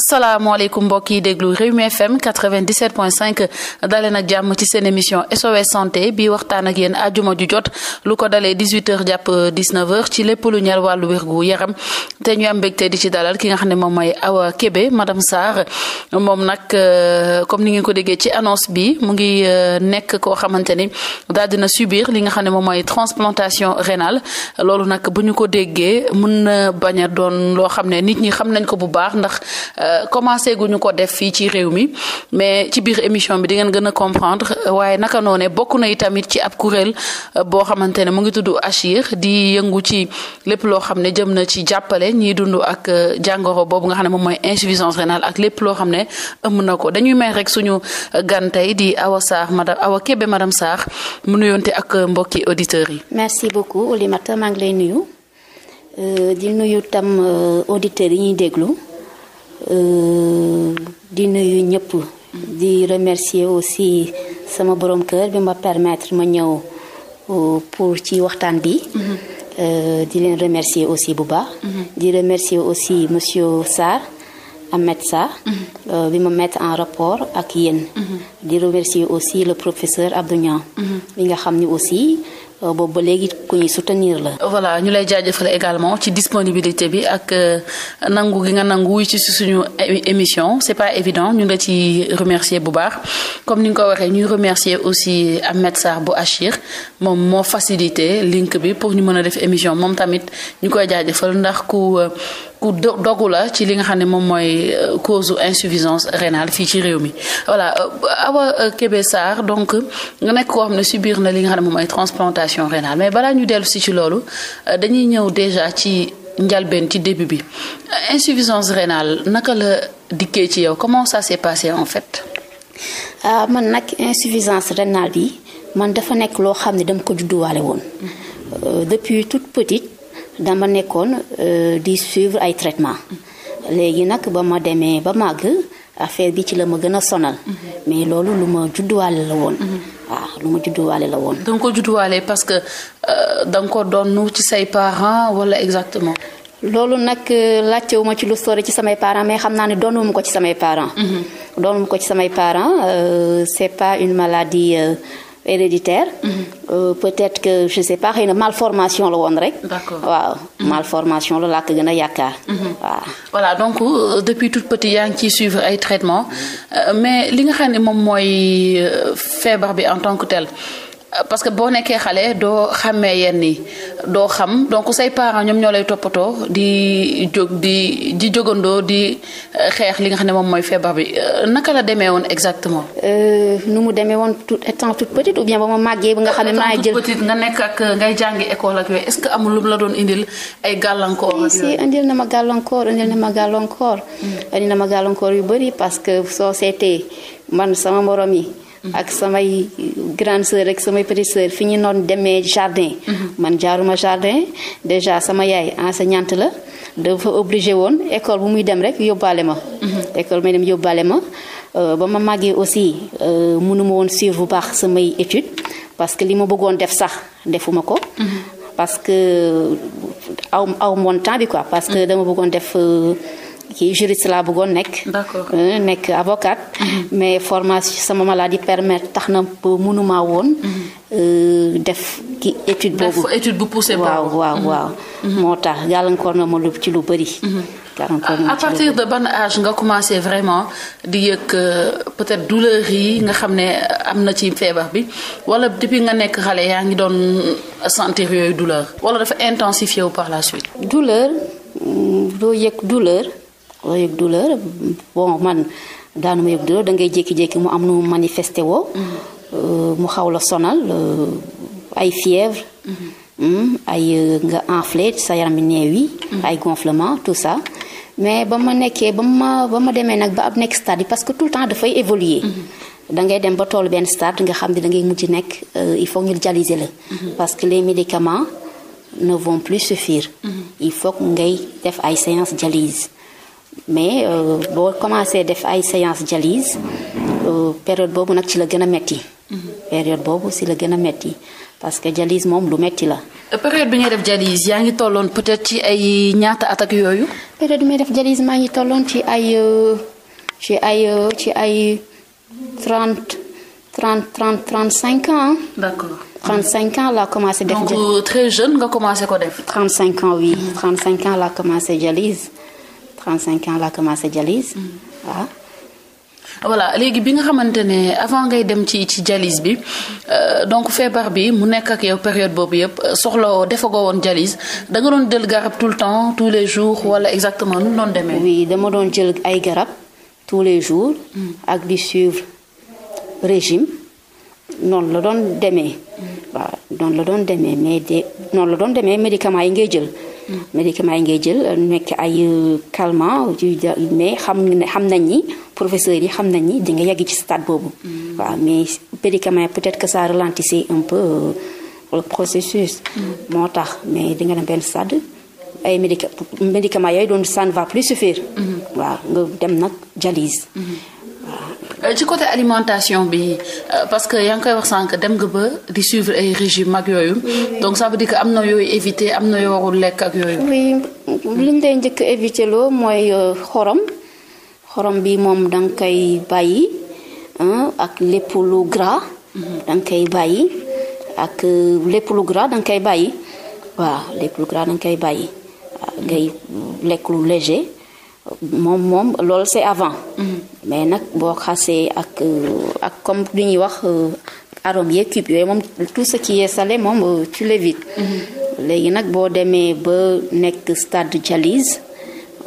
asalaamaaleykum mbokk yi déglu Rewmi FM 97.5 dalee nag jàmm ci seen émission SOS santé bi waxtaan ak yéen àjjuma ju jot lu ko dalee 18h jàpp 19h ci lépp lu ñeel wàllu wérgu yaram te ñu am mbégte di ci dalal ki nga xam ne moom mooy Awa Kébé madame saar moom nag euh, comme ni ngeen ko déggee ci annonce bi mu ngi euh, nekk koo xamante ni daal dina subir li nga xam ne moom mooy transplantation rénale loolu nag bu ñu ko déggee mën na bañ a doon loo xam ne nit ñi xam nañ ko bu baax ndax. Euh, commencé guñu ko def fii ci réew mi mais ci biir émission bi di ngeen gën a comprendre waaye naka noone bokk na itamit ci ab kuréel euh, boo xamante ne mu ngi tudd Achir di yëngu ci lépp loo xam ne jëm na ci jàppale ñiy dund ak euh, jàngoro boobu nga xam ne moom mooy insuffisance rénale ak lépp loo xam ne ëmb na ko dañuy may rek suñu euh, gan tey di Awa Sarr madame Awa Kébé madame Sarr mu nuyoon te ak mbokki auditeurs yi. merci beaucoup Oulimata lay nuyu di yi ñuy déglu. Euh, di nuyu ñëpp. di remercier aussi sama borom kër bi ma permettre ma ñëw euh, pour ci waxtaan bi. Mhm. Euh, di leen remercier aussi bu baax. Mhm. di remercier aussi monsieur Sarr. Ahmed Sarr. Mhm. bi ma mettre en rapport ak yéen. di remercier aussi le professeur Abdou bi nga xam ni aussi. Euh, boobu ba léegi ku ñuy soutenir la. voilà ñu lay jaajëfal également ci disponibilité bi ak euh, nangu gi nga nangu ci suñu émission c'est pas évident ñu ngi ci remercier bu baax comme ni nga ko waxee ñuy remercier aussi Ahmed Sarr bu achire moom moo facilité link bi pour ñu mën a def émission moom tamit ñu koy jaajëfal ndax ku. Euh, ku dogu la ci li nga xam ne moom mooy euh, cause insuffisance rénale fii ci réew mi voilà euh, Awa euh, Kébé Sarr donc nga nekk koo xam ne subir na li nga xam ne moom mooy transplantation rénale mais balaa ñu dellusi si ci loolu dañuy ñëw déjà ci njalbeen ci début bi insuffisance rénale naka la dikkee ci yow comment ça s'est passé en fait. ah man nag insuffisance rénale yi man dafa nekk loo xam ne dama ko judduwaale woon mm-hmm. depuis toute petite. dama nekkoon euh, di suivre ay traitement léegi nag ba ma demee ba màgg affaire bi ci la ma gën a sonal. Mhm. mais loolu lu ma judduwaale la woon. Mhm. waaw lu ma judduwaale la woon. da ko judduwaale parce que euh, da nga ko doon ci say parents wala exactement. loolu nag euh, laajtewu ma ci lu sori ci samay parents mais xam naa ne doonuma ko ci samay parents. Mhm. doonuma ko ci samay parents c'est pas une maladie. héréditaire. Mhm. Euh, peut-être que je sais pas xëy na malformation la woon rek. d'accord waaw mhm. malformation la laa ko gën a yaakaar. Mhm. waaw voilà donc euh, depuis toute petite yaa ngi ciy suivre ay traitements euh, mais li nga xam ne moom mooy feebar bi en tant que tel. parce que boo nekkee xale doo xàmmee yenn yi doo xam donc say parent ñoom ñoo lay toppatoo di jóg di di jógandoo di euh, xeex li nga xam ne moom mooy feebar bi euh, naka la demee woon exactement. Euh, nu mu demee woon tout étant toute petite ou ba ma màggee ba nga xam ne maa jël petite nga nekk ak ngay jàngi école ak yooyu est-ce que amul lu mu la doon indil ay gàllankoor. ak si indil na ma gàllankoor indil na ma gàllankoor. Hmm. indil na ma gàllankoor yu bëri parce que soo seetee man sama morom yi. Mm-hmm. ak samay grande sœur ak samay petite sœur fi ñu noon demee jardin. Mm-hmm. man jaaruma jardin déjà sama yaay enseignante la dafa obligé woon école bu muy dem rek yóbbaale ma. Mm-hmm. école may dem yóbbaale ma euh, ba ma màggee aussi euh, mënuma woon suivre bu baax samay étude parce que li ma bëggoon def sax defuma ko. parce que euh, aw aw moon temps bi quoi parce que dama bëggoon def. kii juriste laa bëggoon nekk. Euh, nekk avocate. Mhm. mais formation sama maladie permettre tax na mënuma woon. Mhm. Euh, def ki étude boobu bu poussé waaw waaw mhm. moo tax gàllankoor na ma lu ci lu bëri. à de ban âge nga commencé vraiment di yëg euh, peut-être douleur yi nga xam ne am na ci feebar bi wala depuis nga nekk xale yaa ngi doon sentir yooyu douleur wala dafa intensifié wu par la suite. douleur hmm, doo yëg douleur. loo yëg douleur man daanu ma yëg douleur da ngay jékki-jékki mu am nu manifesté woo. Euh, mu xaw la sonal euh, ay fièvre. Mm-hmm. Hmm, ay euh, nga enflé sa yaram bi néew yi. Mm-hmm. ay gonflement tout ça. mais ba ma nekkee ba ma ba ma demee nag ba ab nekk stade yi parce que tout le temps dafay évoluer. Mm-hmm. dangay dem ba toolu benn stade nga xam ne da ngay mujj nekk il faut ñu dialyser la. parce que les médicaments ne vont plus suffire. il faut ngay def ay séances dialyse. mais euh, boo commencé def ay séance dialyse euh, période boobu nag ci la gën a metti mhm. période boobu si la gën a metti parce que dialyse moom lu metti la. Euh, période bi ngay def dialyse yaa ngi tolloon peut-être ci ay ñaata attaque yooyu. période bi may def dialyse maa ngi tolloon ci ay ci ay ci ay trente trente trente trente cinq ans. d'accord. 35 ans laa commencé def. donc très jeune nga commencé ko def. 35 ans oui 35 ans la commencé dialyse. 35 ans laa commencé dialyse waaw. Mm. voilà léegi bi nga xamante ne avant ngay dem ci ci dialyse bi euh, donc feebar bi mu nekk ak yow période boobu yëpp euh, soxlawoo ko woon jalis danga doon jël garab tout le temps tous les jours wala exactement nu mu doon demee. oui dama doon jël ay garab tous les jours. Mm. ak di suivre régime noonu la doon demee. Mm. waaw noonu la doon demee mais de noonu la doon demee médicaments yi ngay jël. médicaments yi ngay jël euh, nekk ay euh, calmant mais xam ne xam nañ ni professeurs yi xam nañ ni di nga yegg ci stade boobu. Mm. waaw mais médicaments yi peut-être que ça ralentissait un peu euh, le processus. Mm. moo tax mais di nga dem benn stade. ay médica médicaments yooyu doon ça ne va plus suffire. Mm-hmm. waaw nga dem nag dialyse. Mm-hmm. waaw Euh, ci côté alimentation bi euh, parce que yaa ngi koy wax sànq dem nga ba di suivre ay régime ak yooyu. donc ça veut dire que am na yooyu éviter am na yoo lekk ak yooyu. oui li ñu lay njëkk éviter loo mooy euh, xorom xorom bi moom danga koy bàyyi ak lépp lu gras. Mhm. da koy bàyyi ak lépp lu gras da nga koy bàyyi waaw lépp da nga koy bàyyi ngay lekk lu léger. moom moom loolu c'est avant. Mhm. mais nag boo xasee ak euh, ak comme lu ñuy wax euh, arôme yeeg cube yooyu moom tout ce qui est salé moom euh, tu l'évites. Mhm. léegi nag boo demee ba nekk stade dialyse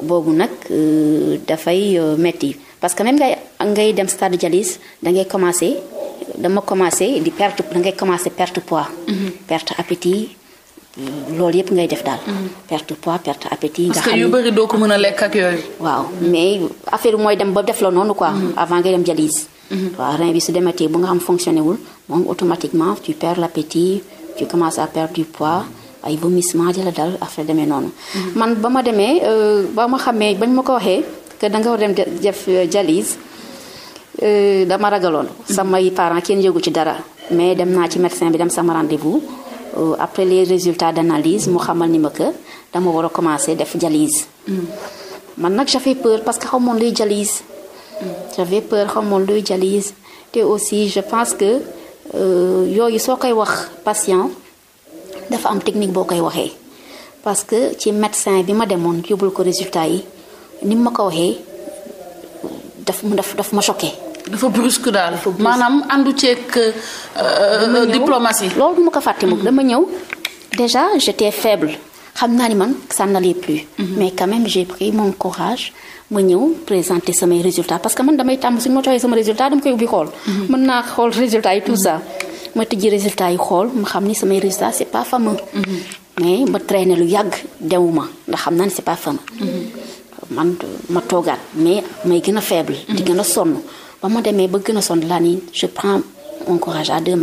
boobu nag dafay metti parce que même ngay ngay dem stade dialyse da ngay commencer dama commencer di perte da ngay commencer perte poids. Mhm. perte appétit. loolu yëpp ngay def daal. Mhm. perte poids perte appétit. nga xam parce yu bëri doo ko mën a lekk ak yooyu. waaw mais affaire mooy dem ba def noonu quoi. Mhm. avant ngay dem dialyse. Mhm. waaw rein bi su dematee bu nga xam fonctionné wul moom automatiquement tu perds l' appétit tu commences à perdre du poids ay vomissement di la dal affaire demee noonu. man ba ma demee euh, ba ma xamee bañ ma ko waxee que da nga war dem def euh, dialyse euh, dama ragaloon. yi parent kenn yëgu ci dara mais dem naa ci médecin bi dem sama rendez vous. Euh, après les résultats d'analyse mu xamal ni ma que dama war a commencer def dialyse. Mm. man nag j'avais peur parce que xamoon luy dialyse. Mm. j'avais peur xamoon luy dialyse te aussi je pense que euh, yooyu soo koy wax patient dafa am technique boo koy waxee parce que ci médecin bi ma demoon yóbbul ko résultat yi ni ma ko waxee daf daf daf ma choqué. dafa brusque daal maanaam àndu ceeg euh, euh, diplomatie. loolu du ma ko fàtte moom mm-hmm. dama ñëw déjà j'étais faible xam naa ni man ça n'allait plus. Mm-hmm. mais quand même j'ai pris mon courage ma ñëw présenter samay résultat parce que man damay tàmm si ma joxee sama résultat dama koy ubbi xool. Mm-hmm. mën naa xool résultats yi tout ça. ma tëjji résultats yi xool ma xam ni samay résultats c'est pas fameux. mais ma traîner lu yàgg dewuma ndax xam naa ni c'est pas fameux. man ma toogaat mais may gën a faible. di gën a sonn. ba ma demee ba gën a sonn laa nii je prends mon courage à deux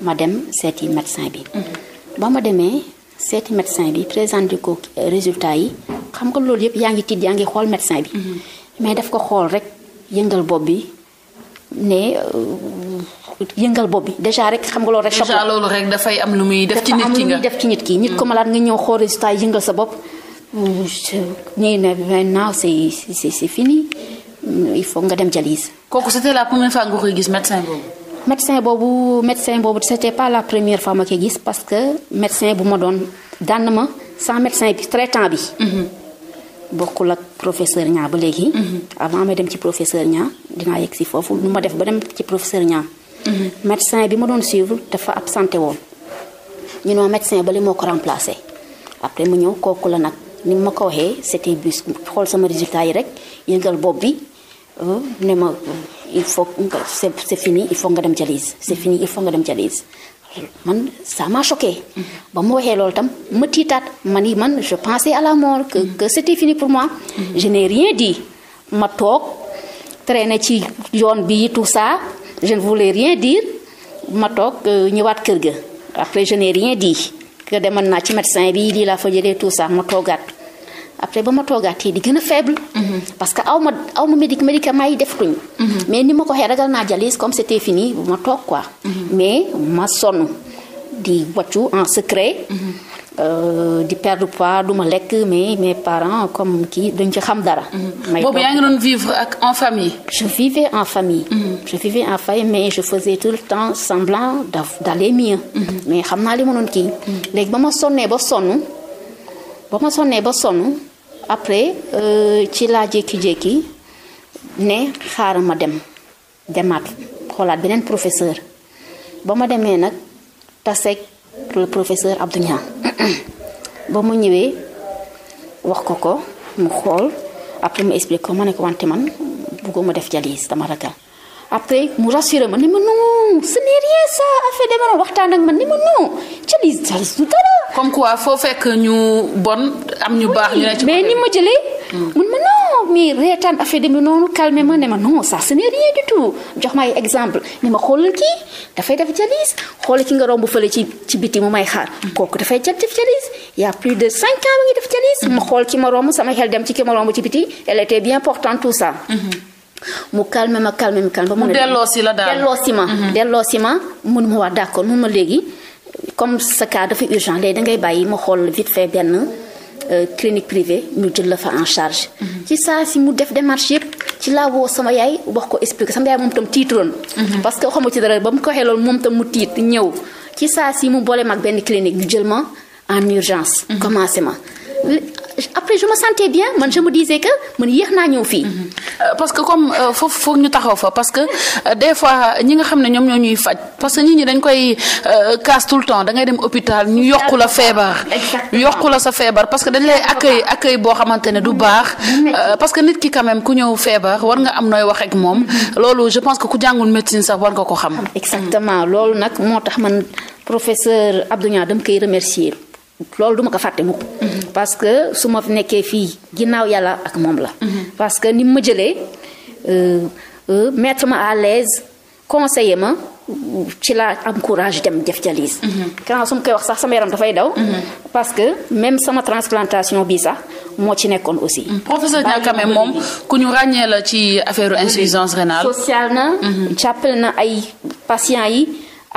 ma dem seeti médecin bi. Mm-hmm. ba ma demee seeti médecin bi présenté ko résultat yi xam nga loolu yëpp yaa ngi tiit yaa ngi xool médecin bi. Mm-hmm. mais daf ko xool rek yëngal bopp bi ne euh, yëngal bopp bi déjà rek xam nga loolu rek. déjà loolu rek dafay am lu muy def ci nit ki def ci nit ki nit ko mm-hmm. malaat nga ñëw xool résultat yi yëngal sa bopp. ñu ne maintenant si c'est fini. il faut nga dem dialyse. kooku sa la première fois nga koy gis médecin boobu. médecin boobu médecin boobu c'était pas la première fois ma koy gis parce que médecin bu ma doon daan ma sans médecin bi traitant bi. Mhm. bokkul ak professeur Niang ba léegi. Mhm. avant ma dem ci professeur Niang dinaa yegg si foofu nu ma def ba dem ci professeur Niang. Mhm. médecin bi ma doon suivre dafa absenté woon. ñu noo médecin ba li moo ko remplacé après mu ñëw kooku la nag ni ma ko waxee c'était bus xool sama résultat yi rek yëngal bopp bi. Euh, ne il faut nga c'est nga dem dialyse c'est fini il faut nga dem dialyse man ça m'a choqué ba mu waxee loolu tam ma tiitaat man yi man je pensais à la mort que que c'était fini pour moi je n'ai rien dit ma toog traîner ci yoon bi tout ça je ne voulais rien dire ma toog euh, ñëwaat kër ga après je n'ai rien dit que demoon naa ci médecin bi lii laa fa jëlee tout ça ma toogaat après ba ma toogaat yi di gën a faible. Mhm. parce que aw ma aw ma médicament yi defatuñu. Mhm. mais ni ma ko waxee ragal naa dialyse comme c' était fini ma toog quoi. Mhm. mais ma sonn di wàccu en secret. Euh, di perdre poids duma lekk mais mes parents comme kii dañ ci xam dara. may boobu yaa ngi doon vivre ak en famille. je vivais en famille. je vivais en famille mais je faisais tout le temps semblant d'aller mieux. Mm mais xam naa li ma doon kii. léegi ba ma sonnee ba sonn ba ma sonnee ba sonn. après euh, ci laa jékki-jékki ne xaaral ma dem demaat xoolaat beneen professeur ba ma demee nag taseeg le professeur Abdou ba mu ñëwee wax ko ko mu xool après mu explique ko ma ne ko wante man buggoo ma def dialyse dama ragal après mu rassuré ma ni ma non ce n'est affaire dama doon waxtaan ak ma non ca li foo fekk ñu bon am ñu baax. ñu ne mais ni ma jëlee. Hmm. mun ma non mais reetaan affaire demee noonu calmé ne ma non ça ce n'est tout jox ma exemple ni ma xoolal kii dafay def jalis xoolal ki nga romb fële ci ci biti mu may xaar kooku dafay jël def jalis y plus de cinq ans mi ngi def jalis hmm. ma xool ki ma romb sama xel dem ci ki ma romb ci biti elle était bien portante tout ça. Hmm. mu calme ma calme ma calme. ba mu delloo si la daal delloo si ma. Mhm. delloo si ma mun ma wax d' accord mun ma léegi comme sa cas dafa urgent léegi dangay bàyyi ma xool vite fait benn euh, clinique privée ñu jël la fa en charge. Mhm. ci saa si mu def démarche yëpp ci laa woo sama yaay wax ko expliquer sama yaay moom tam tiitoon. Mhm. parce que xamu ci dara ba mu ko xeloon moom tam mu tiit ñëw ci saa si mu boole mag benn clinique ñu jël ma en urgence. commencé ma. après je me man je me disais que man yéex naa ñëw fii. Mhm. Euh, parce que comme euh, foofu foog ñu taxaw fa parce que euh, des fois ñi nga xam ne ñoom ñoo ñuy faj parce que nit ñi dañ koy casse tout le temps da ngay dem hôpital ñu yokku la feebar. yokku la sa feebar parce que dañ lay accueil accueil boo xamante ne du baax. parce que nit ki quand même ku ñëw feebar war nga am nooy wax ak moom mhm. loolu je pense que ku jàngul médecine sax war nga ko xam. exactement loolu nag moo tax man professeur Abdou Niang dama koy loolu duma ko fàtte mukk mhm. parce que su ma fi nekkee fii ginnaaw yàlla ak moom la. Mhm. parce que ni ma jëlee euh, euh, mettre ma à l'aise conseiller ma ci laa am courage dem def dialyse. Mhm. quand su ma koy wax sax sama yaram dafay daw. parce que même sama transplantation bi sax moo ci nekkoon aussi. professeur Diakame moom ku ñu ràññee la ci affaire insuffisance rénale. sociale na. jàppale na ay patients yi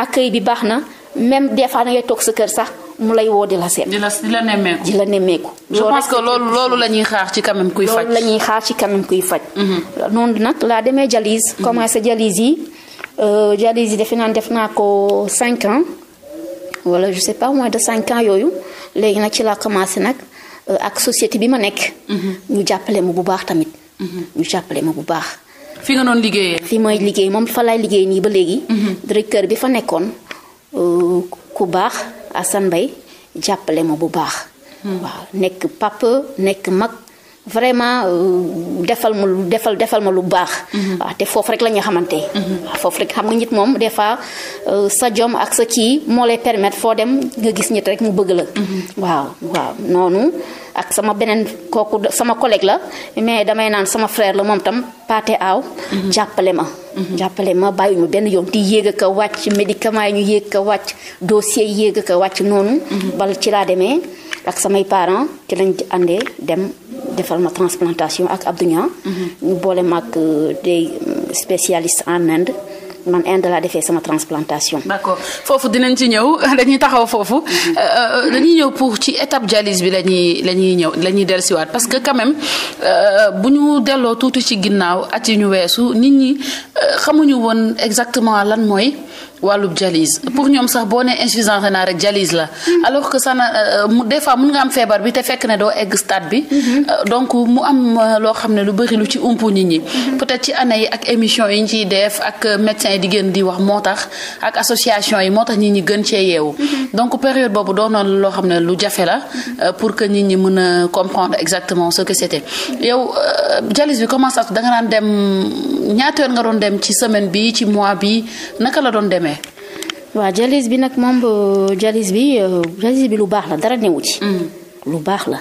accueil bi baax na même des fois ngay toog sa kër sax. mu lay woo la seet. di la nemmeeku di la nemmeeku. que loolu loolu la ñuy xaar ci quand même kuy faj. la ñuy ci quand même kuy faj. Mhm. noonu nag laa demee dialyse. Mhm. commencé dialyse yi euh, dialyse yi defe naa def naa ko 5 ans wala je sais pas moins de 5 ans yooyu léegi nag ci la commencé nag euh, ak société bi ma nekk. Mhm. ñu jàppale ma bu baax tamit. ñu jàppale ma bu baax. fi nga doon liggéeyee. fi may liggéey moom fa laay liggéey nii ba léegi. directeur bi fa nekkoon euh, ku baax. Assane Mbaye jàppale ma bu baax. Hmm. waaw nekk papa nekk mag. vraiment euh, defal ma lu defal defal ma lu baax. Hmm. waaw te foofu rek la ñu xamante. Hmm. waaw foofu rek xam nga nit moom des fois euh, sa jom ak sa kii moo lay permettre foo dem nga gis nit rek mu bëgg la. waaw waaw noonu. ak sama beneen kooku sama collègue la mais damay naan sama frère la moom tam paate aw mhm. jàppale ma mhm. jàppale ma bàyyiñu benn yoon di yéeg a ka wàcc médicament yi ñu yéeg ka wàcc dossier yéeg a ka wàcc noonu mhm. bal ci laa demee ak samay parents ci lañ àndee dem defal ma transplantation ak Abdou Niang ñu boole maag euh, des spécialistes en Inde man Inde laa defee sama transplantation. foofu dinañ ci ñëw dañuy taxaw foofu euh, euh, dañuy ñëw pour ci étape dialyse bi la ñuy la ñuy ñëw la ñuy dellusiwaat parce que quand même euh, bu ñu delloo tuuti ci ginnaaw at yi ñu weesu nit ñi xamuñu woon exactement lan mooy. wàllu dialyse pour ñoom sax boo nee insuffisance rénale rek dialyse la alors que ça na euh, des fois mun nga am feebar bi te fekk ne doo egg bi euh, donc mu am euh, loo xam ne lu bëri lu ci ump nit ñi peut-être ci année yi ak émission yi ñu ciy def ak médecins yi di gën di wax moo tax ak association yi moo tax nit ñi gën cee yeewu donc période boobu doonoon loo xam ne lu jafe la pour que nit ñi mën a comprendre exactement ce que c'était yow dialyse bi comment ça da nga daan dem ñaata yoon nga doon dem ci semaine bi ci mois bi naka la doon demee waaw jalis bi nag moom euh, jalis bi euh, jalis bi lu baax la dara newu ci. Mm. lu baax la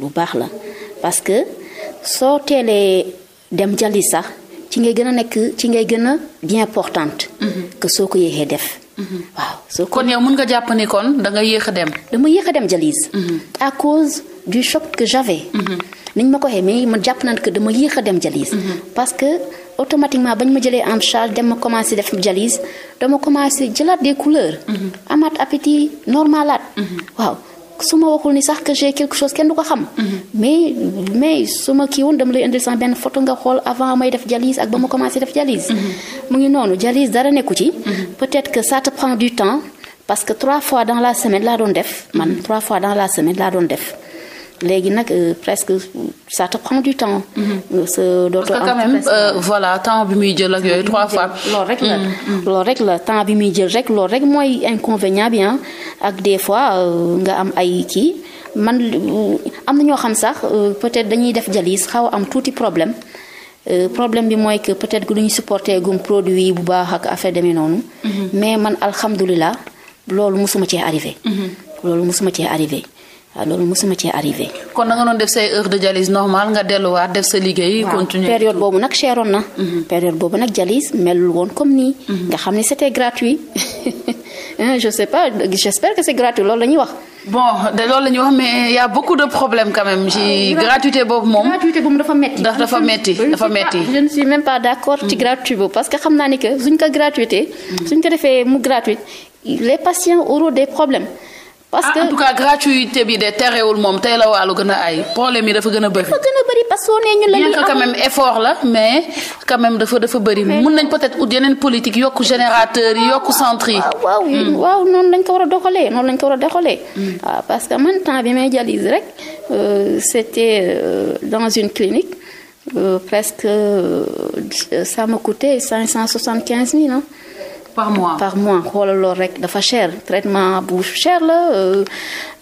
lu baax la parce que soo teelee dem jalis sax ci ngay gën a nekk ci ngay gën a bien portante. Mm-hmm. que soo ko yéexee def. Mm-hmm. waaw soo kon yow mën nga jàpp ni kon da nga yéex a dem. dama yéex dem jalis. Mm-hmm. à cause du choc que j'avais. niñ ma ko waxee mais man jàpp naa dama yéex a dem jalis. parce que automatiquement bañ ma jëlee en charge dem ma commencé def dialyse dama commencé jëlaat des couleurs. Mm-hmm. amaat appétit normalaat. Mm-hmm. waaw su ma waxul ni sax que j'ai quelque chose kenn du ko xam. Mm-hmm. mais mais su ma kii woon dama lay indil sax benn photo nga xool avant may def jalis ak ba ma commencé def dialyse. mu ngi noonu dialyse dara nekku ci. peut-être que ça te prend du temps parce que trois fois dans la semaine laa doon def man trois fois dans la semaine laa doon def. léegi nag euh, presque ça te prend du temps. sa mm-hmm. dootoo am parce euh, voilà temps bi muy jël ak yooyu trois fois. loolu rek la mm-hmm. la temps bi muy jël rek loolu rek mooy inconvénient bi ak des fois euh, nga am ay kii man am na ñoo xam sax peut-être dañuy def jalis xaw am tuuti problème. Euh, problème bi mooy que peut-être que duñu supporter gum produit yi bu baax ak affaire demee noonu. Mm-hmm. mais man alhamdulilah loolu mosuma cee arrivé. loolu mosuma cee arrivé. waaw ah, loolu mosuma cee arrivé. kon nanga nga doon def say heure de dialyse normal nga delluwaat def sa liggéey. continuer période boobu nag cheroon na. Mhm. période boobu nag dialyse melul woon comme nii. Mhm. nga xam ne c'était gratuit. je sais pas j'espère que c'est gratuit loolu la ñuy wax. bon de loolu la ñuy wax mais y a beaucoup de problèmes quand même ah, gratuité boobu moom. gratuité boobu dafa metti dafa metti dafa metti je ne suis même pas d'accord ci mhm. gratuité boobu parce que xam naa ni que suñ ko gratuité. suñ ko defee mu gratuite les patients auront des problèmes. parce ah, que en tout gratuité bi de terewul moom tey la waalu gën a ay problème yi dafa gën a bëri. dafa gën a bëri parce que nee ñu la ñuy am effort la mais quand même dafa dafa bëri. mun nañ peut-être ut yeneen politique yokku générateur yi yokku centre yi. Ah, waaw hmm. waaw noonu lañ ko war a doxalee noonu lañ ko war a doxalee. waaw hmm. ah, parce que man temps bi may dialyse rek euh, c'était euh, dans une clinique euh, presque ça m'a coûté cinq cent soixante quinze mille par mois par mois xoolal loolu rek dafa cher traitement bu cher la euh,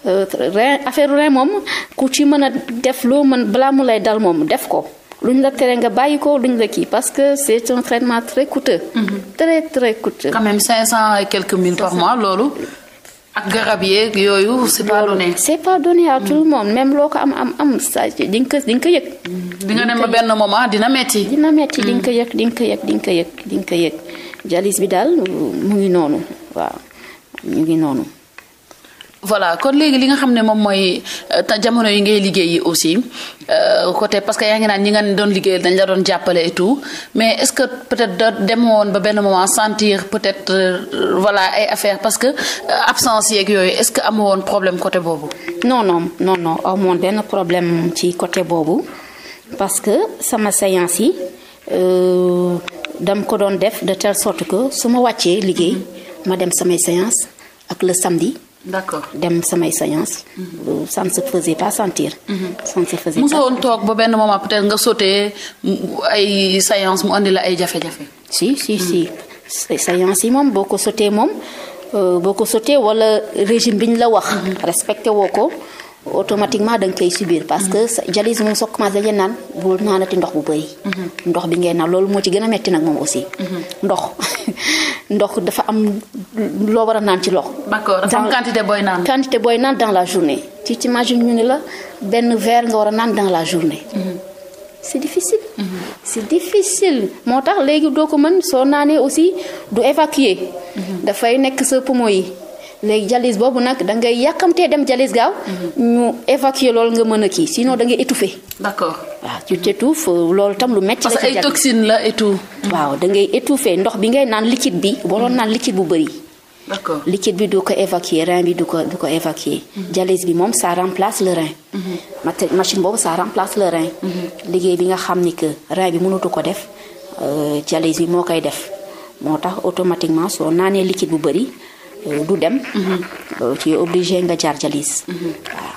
euh, rein affaire rein moom ku ci mën a def loo mën balaa mu lay dal moom def ko lu luñ la tere nga bàyyi ko luñ la kii parce que c' est un traitement très coûteux. Mm-hmm. très très même 500 et quelques mille par loolu. ak garab yeeg yooyu c' est pas donné. c' est pas donné à tout le mm-hmm. monde même loo ko am am am saa di ko di nga ko yëg. Mm-hmm. di nga dem ba benn moment dina metti. dina metti di nga ko yëg di nga ko yëg di nga ko yëg di nga ko yëg. dialyse bi daal mu ngi noonu waaw mu ngi noonu. voilà kon léegi li nga xam ne moom mooy euh, jamono yi ngay liggéey yi aussi euh, côté parce que yaa ngi naan ñi nga doon liggéeyal dañ la doon jàppale et mais est-ce que peut-être da woon ba benn moment sentir peut-être euh, voilà ay affaire parce que absence yeeg yooyu est-ce que amoo woon problème côté boobu. non noonu non non amoon benn problème ci côté boobu parce que sama séance yi. dam ko doon def de telle sorte que su ma wàccee liggéey ma dem samay séance ak le samedi. d'accord dem samay séance. ça ne se faisait pas sentir. Mhm. pas. toog ba benn moment peut nga sotee ay séance mu andi la ay jafe-jafe. si si mhm. si séance yi moom boo ko sotee moom euh, boo ko sotee wala régime bi ñu la wax. Mhm. respecté woo ko. automatiquement da nga koy subir. parce que sa dialyse moom soo commencé dañuy naan bul naanati ndox bu bëri. Mhm. ndox bi ngay naan loolu moo ci gën a metti nag moom aussi. Mhm. ndox dafa am loo war a naan ci loxo. d'accord dafa am quantité booy naan. quantité booy naan dans la journée. ci ci imagine ñu ne la benn verre nga war a naan dans la journée. Mhm. c'est difficile. c'est difficile moo tax léegi doo ko mën soo naanee aussi du évacuer. dafay nekk sa poumon yi. léegi jalis boobu nag da ngay yàkkamtee dem jalis gaaw. Mhm. ñu évacuer loolu nga mën a kii sinon da ngay étouffé. d'accord waaw tu t'étouffes lool tam lu métti la. la et mhm. waaw da ngay étouffé ndox bi ngay naan bi. waroon mhm. naan liquide bu bëri. d'accord liquide bi du ko évacuer rein bi du ko du ko évacuer. dialyse bi moom ça remplace mat machine boobu ça remplace liggéey bi nga xam ni que rein bi mënatu ko def dialyse euh, bi moo koy def moo tax automatiquement soo naanee liquide bu bëri Euh, du dem. Euh, tu es obligé nga jaar dialyse. waaw.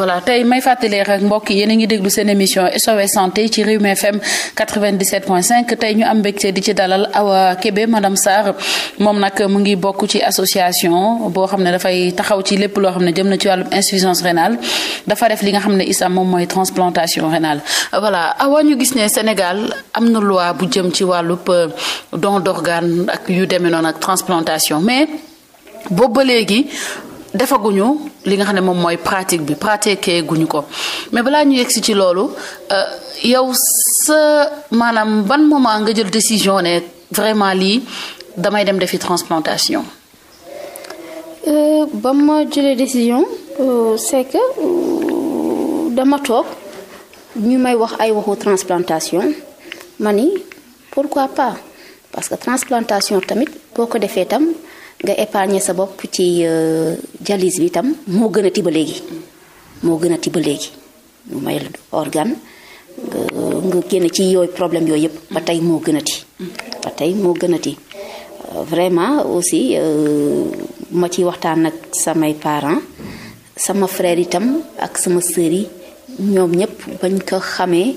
voilà tey may fàttalee rek mbokk yéen a ngi déglu seen émission so santé ci Rewmi FM 97.5 tey ñu am mbégte di ci dalal Awa Kébé madame Sarr moom nag mu ngi bokk ci association boo xam ne dafay taxaw ci lépp loo xam ne jëm na ci wàllum insuffisance rénale dafa def li nga xam ne ISAM moom mooy transplantation rénale. voilà Awa ñu gis ne Sénégal am na loi bu jëm ci wàllub euh, don d'organe demee noonu ak transplantation mais. boobu ba léegi defaguñu li nga xam ne moom mooy pratique bi pratiquer guñu ko mais balaa ñu yegsi ci loolu euh, yow sa maanaam ban moment nga jël décision ne vraiment lii damay dem defi transplantation. Euh, bam ma jëlee décision euh, c'est que dama toog ñu may wax ay waxu transplantation ma ni pourquoi pas parce que transplantation tamit boo ko defee tam. nga épargner sa bopp ci euh, dialyse bi itam moo gën a ti ba léegi moo gën a ti ba léegi mu may organe nga ci yooyu problème yooyu yëpp ba tey moo gën a ti ba tey moo gën a ti vraiment aussi euh, ma ci waxtaan ak samay parents sama frère itam ak sama sœur yi ñoom ñëpp bañ ko xamee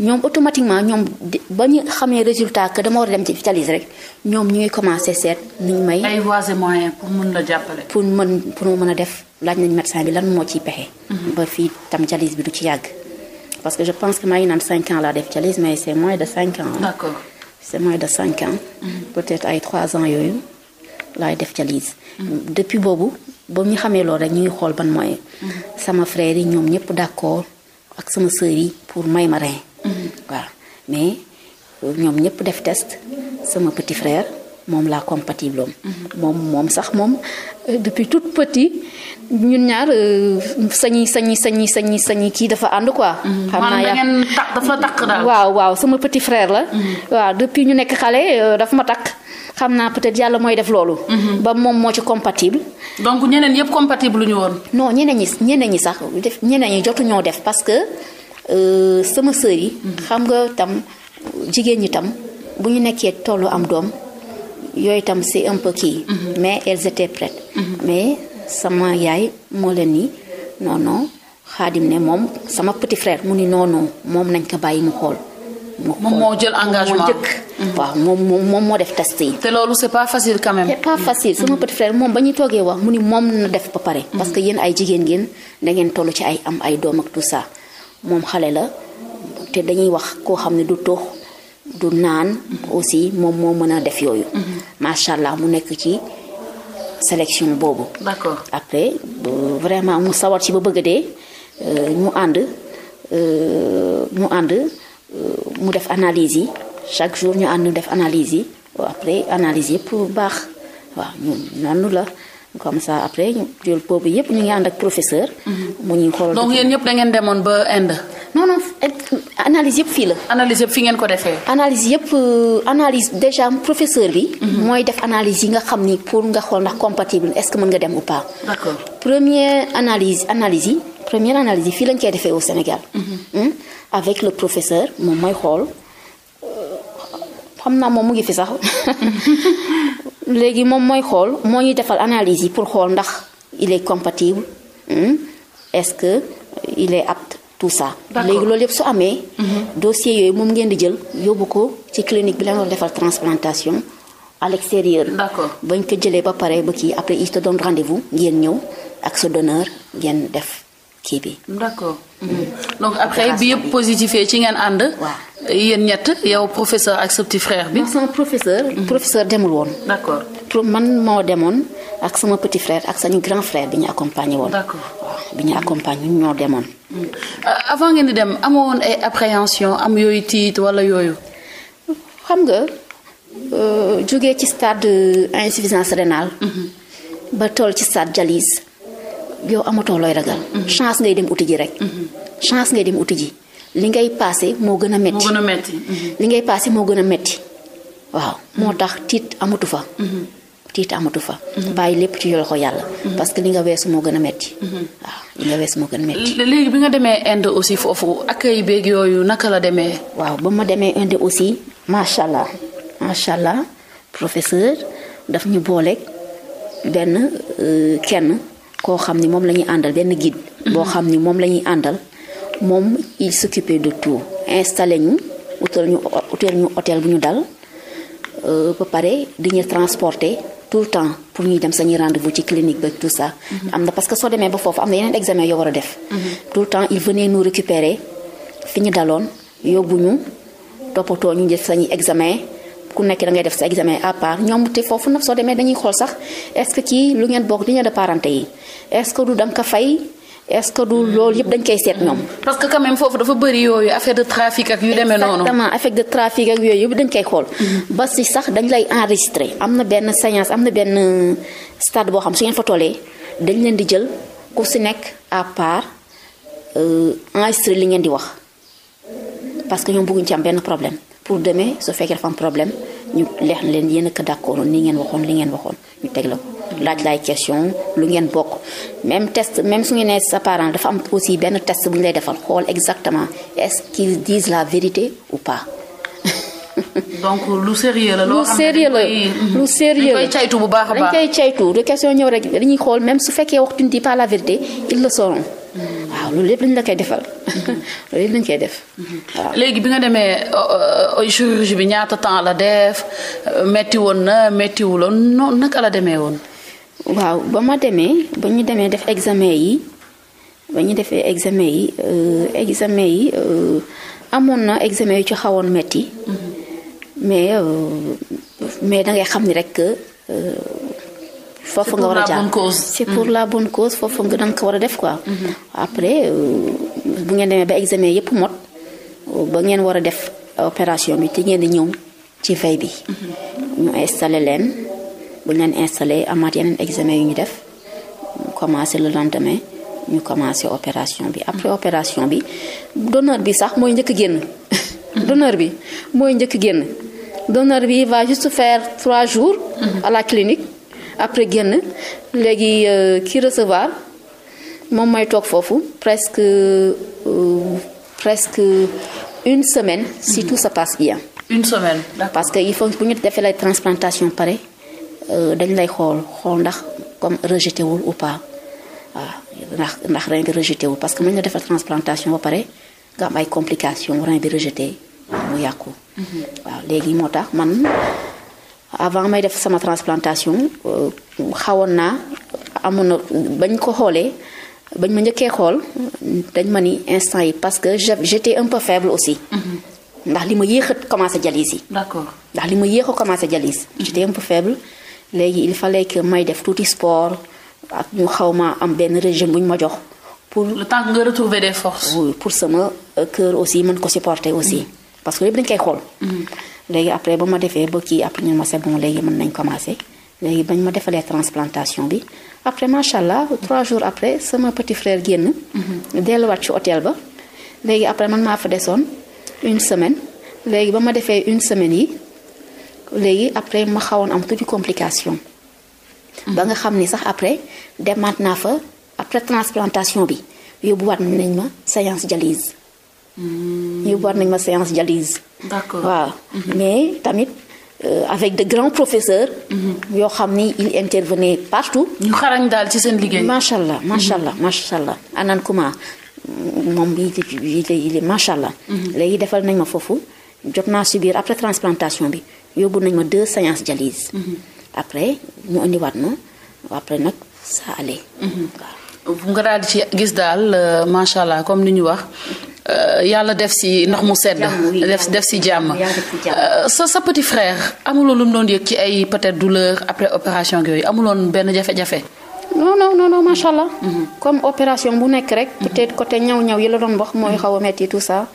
ñoom automatiquement ñoom ba ñu xamee résultat que dama war a dem ci Vitalis rek ñoom ñu ngi commencé seet ñu may. ay voies et moyens pour mën la jàppale. pour mën pour mën a def laaj nañ médecin bi lan moo ciy pexe. Mhm. ba fii tam dialyse bi du ci yàgg. parce que je pense que maa ngi naan 5 ans laa def dialyse mais c' est moins de 5 ans. de 5 ans. Mhm. peut être ay 3 ans yooyu laay def dialyse. Mhm. depuis boobu ba ñu xamee loolu rek ñu ngi xool ban moyen. sama frère yi ñoom ñëpp d' accord ak sama sœur yi pour may ma rein. mais ñoom ñëpp def test sama petit frère moom laa compatible am. moom moom sax moom euh, depuis tout petit ñun ñaar euh, sañi sañi sañi sañi sañi kii dafa ànd quoi. Mhm. xam naa yaa ngeen dafa takk waaw waaw sama petit frère la. Mhm. waaw depuis ñu nekk xale euh, dafa ma takk. xam naa peut-être yàlla mooy def loolu. Mhm. ba moom moo ci compatible. donc ñeneen yëpp compatible lu ñu woon. non ñeneen ñi ñeneen ñi sax ñeneen ñi jotu ñoo def parce que. Euh, sama sœur yi. Mhm. xam nga tam jigéen ñi bu ñu nekkee tollu am doom yooyu tam si un peu kii. Mhm. mais elles étaient prêtes. Mhm. mais sama yaay moo leen ni non non xaadim ne moom sama petit frère mu ni non moom nañ ko bàyyi mu xool. moom moo jël engagement waaw moom moom moo def test yi. te loolu c'est pas facile quand même. c'est pas facile sama petit frère moom ba ñu toogee wax mu ni moom na def ba pare. parce que yéen ay jigéen ngeen da ngeen toll ci ay am ay doom ak tout moom xale la te dañuy wax koo xam ne du tux du naan aussi moom moo mën a def yooyu mm-hmm. macha allah mu nekk ci sélection boobu d'accord après vraiment mu sawar ci ba bëgg a dee ñu euh, ànd ñu euh, ànd euh, mu def analyse yi chaque jour ñu ànd def analyse yi après analyse yëpp baax waaw ñu noonu la comme ça après ñu jël boobu yëpp ñu ngi ànd ak mhm. ñëpp da ngeen demoon ba Inde. non yëpp fii la. analyse fi ngeen ko defee. analyse yëpp euh, analyse déjà professeur bi. Mhm. mooy def analyse yi nga xam ni pour nga xool ndax compatible est-ce que mën dem ou pas. d'accord première analyse yi première yi fii lañ koy defee au Sénégal. Mhm. Hmm? avec le professeur moom mooy xool euh, xam naa moom mu ngi fi sax. léegi moom mooy xool moo ñuy defal analyse yi pour xool ndax il est compatible hmm, est-ce que il est apte tout ça. léegi loolu yëpp su amee. Mhm. dossier yooyu moom ngeen di jël yóbbu ko ci clinique bi la doon defal transplantation à l'extérieur. d'accord bañ ko jëlee ba pare ba kii après il te donne rendez-vous ngeen ñëw ak sa donneur ngeen def. kii bi. Mm-hmm. Mm-hmm. donc après bi yëpp positifé ci ngeen ànd. waaw ñett yow professeur ak sa petit frère bi. sama professeur. Mm-hmm. professeur demul woon. d'accord man moo demoon ak sama petit frère ak sañu grand frère bi ñu accompagné woon. d'accord waaw bi ñu accompagné ñoo demoon. avant ngeen di dem amoon ay appréhension am yooyu tiit wala yooyu. xam nga euh, jógee ci stade insuffisance rénale. ba toll ci stade dialyse. yow amatoo looy ragal. Mhm. chance ngay dem uti ji rek. Mhm. chance ngay dem uti ji li ngay passé moo gën a metti. Mhm. li ngay passé moo gën a metti waaw moo tax tiit amatu fa. tiit amatu fa. bàyyi lépp ci loxo yàlla. parce que li nga weesu moo gën a metti. waaw li nga weesu léegi bi nga demee Inde aussi foofu accueil beeg yooyu naka la demee. waaw ba ma demee Inde aussi macha allah macha allah professeur daf ñu booleeg benn euh, kenn. koo xam ni moom la ñuy àndal benn guide. boo xam ni moom la ñuy àndal moom il s'occupait de tout installé ñu utal ñu utal ñu hôtel bu ñu dal euh, ba pare di ñu transporter tout le temps pour ñu dem sañuy rendez-vous ci clinique ba tout ça. Mm-hmm. am na parce que soo demee ba foofu am na yeneen examen yoo war a def. Mm-hmm. tout temps il venait récupérer fi ñu daloon yóbbu ñu toppatoo ñu def sañuy examen. ku nekk da ngay def sa examen à part ñoom te foofu nag soo demee dañuy xool sax est-ce kii lu ngeen bokk lien de parenté yi est du da ko fay. est-ce que du loolu yëpp dañ koy seet ñoom. parce foofu dafa bëri yooyu affaire de trafic ak yu demee noonu. exactement affaire koy xool. Mhm. ba si sax dañ lay enregistré. am na benn séance am na benn stade boo xam su ngeen fa tollee dañ leen di jël ku si nekk à part euh, enregistré li ngeen di wax parce que ñoom bëgguñ ci benn problème. pour demee su fekkee dafa am problème ñu leex na leen yéen a ko d'accord nii ngeen waxoon li ngeen waxoon ñu teg la laaj laay question lu ngeen bokk même test même su ngeen nee sa parent dafa am aussi benn test bu ñu lay defal xool exactement est-ce qu'ils disent la vérité ou pas. donc lu sérieux la. loo xam ne lu sérieux la dañ koy bu baax a baax dañ koy caytu de question ñëw rek dañuy xool même su fekkee waxtu ne pas la vérité ils le sauront. waaw loolu lépp lañ la koy defal loolu yëpp lañ koy def léegi bi nga demee chirurgie bi ñaata temps la def métti woon na méttiwuloon noonu naka la demee woon. waaw ba ma demee ba ñu demee def examen yi ba ñu defee examen yi euh, examen yi euh, amoon na examen yu ci xawoon métti mhm. mais euh, mais da ngay xam ni rek. foofu nga war a jaar c'est pour la bon cause foofu nga da ko war a def ko mm-hmm. après euh, bu ngeen demee ba examen yëpp mot ba ngeen war a def opération bi te ngeen di ñëw ci veille bi. Mm-hmm. ñu installé leen bu leen installé amaat yeneen examen yu ñu def commencé le lendemain ñu commencé opération bi après mm-hmm. opération bi donneur bi sax mooy njëkk génn. donneur bi mooy njëkk génn donneur bi va juste faire trois jours. à la clinique. après génn léegi euh, ki recevoir moom mooy toog foofu presque euh, presque une semaine. si mm-hmm. tout se passe bien. une semaine parce que il faut bu ñu defee lay transplantation pare euh, dañ lay xool xool ndax comme rejeté wul ou pas waaw ndax ndax rein bi rejeté wul parce que mën nga defal transplantation ba pare nga am ay complications rein bi rejeté mu yàqu. Mm-hmm. waaw léegi moo tax man. avant may def sama transplantation euh, xawoon naa amoon na bañ ko xoolee bañ ma njëkkee xool dañ ma ni instant yi parce que j'étais un peu faible aussi. Mm-hmm. ndax li ma yéex a commencé dialyse yi. d'accord ndax li ma yéex a commencé dialyse. j'étais peu faible léegi il fallait que may def tuuti sport ak ñu xaw ma am benn régime bu ñu ma jox. pour lu temps nga retrouver des forces. pour sama cœur euh, aussi mën ko supporter aussi. Mm-hmm. parce que lépp dañ xool. Mm-hmm. léegi après ba ma defee ba kii après ñu ma c'est bon léegi mën nañ commencé léegi bañ ma defalee transplantation bi après macha allah trois jours après sama petit frère génn. Mm-hmm. delluwaat ci hôtel ba. léegi après man maa fa desoon une semaine léegi ba ma defee une semaine yi léegi après ma xawoon am tuuti complication. ba nga xam ni sax après demaat naa fa après transplantation bi yóbbuwaat nañ ma séance dialyse. ñu mm. war nañ ma séance dialyse. d'accord waaw mm-hmm. mais tamit. Euh, avec de grands professeurs. Mm-hmm. yoo xam ni il intervenait partout. ñu xarañ daal ci seen liggéey. macha allah macha mm-hmm. allah macha allah anan kuma moom bii di di macha allah. léegi defal nañ ma foofu jot naa subir après transplantation bi yóbbu nañ ma deux séances dialyse. après mu indiwaat ma après nag ça allait. nga daal di ci gis daal euh, macha allah comme ni ñu wax euh, yàlla def si ndox mu sedd. def def si jàmm. Euh, sa sa petit frère amuloon lu mu doon yëg ci ay peut-être douleur après opération yooyu amuloon benn jafe-jafe. non non non macha allah. Mhm. comme opération bu nekk rek. Mhm. peut-être côté ñaw-ñaw yi la doon wax mooy mhm. xaw a metti tout ça.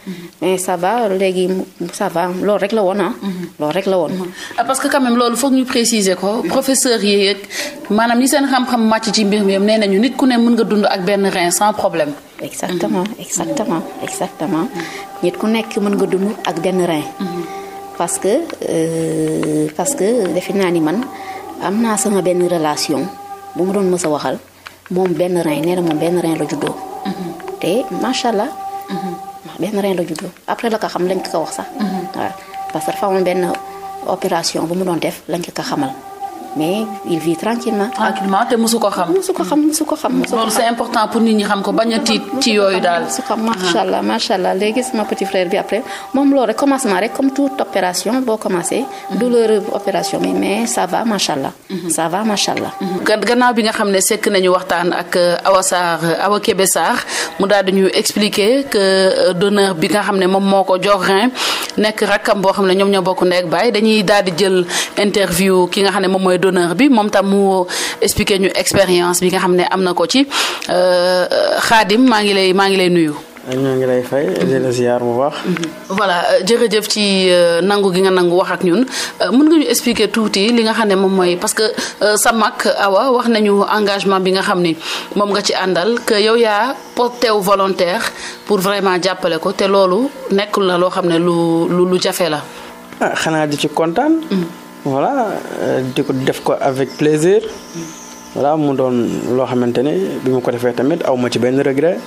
mais ça léegi ça va loolu rek la woon ah. loolu rek la woon. Ah, parce que quand même loolu foog ñu préciser ko professeur yi maanaam ñi seen xam-xam màcc ci mbir mi nee nañu nit ku mën nga dund ak benn rein sans problème. exactement exactement exactement nit ku nekk mën nga dund ak benn rein. parce que euh, parce que defe naa ni man am naa sama benn relation. bu ma doon mës a waxal moom benn rein nee na moom benn rein la juddoo. Mhm. te macha allah. Mhm. benn rein la juddoo après la ko xam lañ ko ko wax sax. Mhm. waaw parce que dafa benn opération bu mu doon def lañ ko ko xamal. mais il vit tranquillement tranquillement te mosu ko xam. mosu ko xam mosu ko xam. loolu c'est important pour nit xam ko bañ a tiit ci yooyu daal. mosu ko xam ah. macha allah macha allah léegi sama petit frère bi après moom loolu rek commencement rek comme toute opération boo commencé. Mhm. douleur opération bi mais ça va macha allah. Mhm. ça va macha allah. Mhm. gannaaw bi nga xam ne sekk nañu waxtaan ak euh, Awa Sarr euh, Awa Kébé Sarr mu daal di ñu expliquer que euh, donneur bi nga xam ne moom moo ko jox nekk rakkam boo xam ne ñoom ñoo bokk ndey ak baay dañuy daal di jël interview ki nga xam ne moom mooy donneur bi moom tam mu expliquer ñu expérience bi nga xam ne am na ko ci euh, Khadim maa ngi lay maa ngi lay nuyu. ñoo ngi lay fay di la ziar bu baax. Mm-hmm. voilà euh, jërëjëf ci euh, nangu gi nga nangu wax ak ñun euh, mën nga ñu expliquer tuuti li nga xam ne moom mooy parce que sa Awa wax nañu engagement bi nga xam ni moom nga ci àndal que yow yaa porté wu volontaire pour vraiment jàppale ko te loolu nekkul na loo xam ne lu lu jafe la. Ah, xanaa di ci kontaan. Mm-hmm. voilà def ko avec plaisir. Mm-hmm. voilà mu doon loo xamante ne bi mu ko defee tamit aw ma ci benn regret.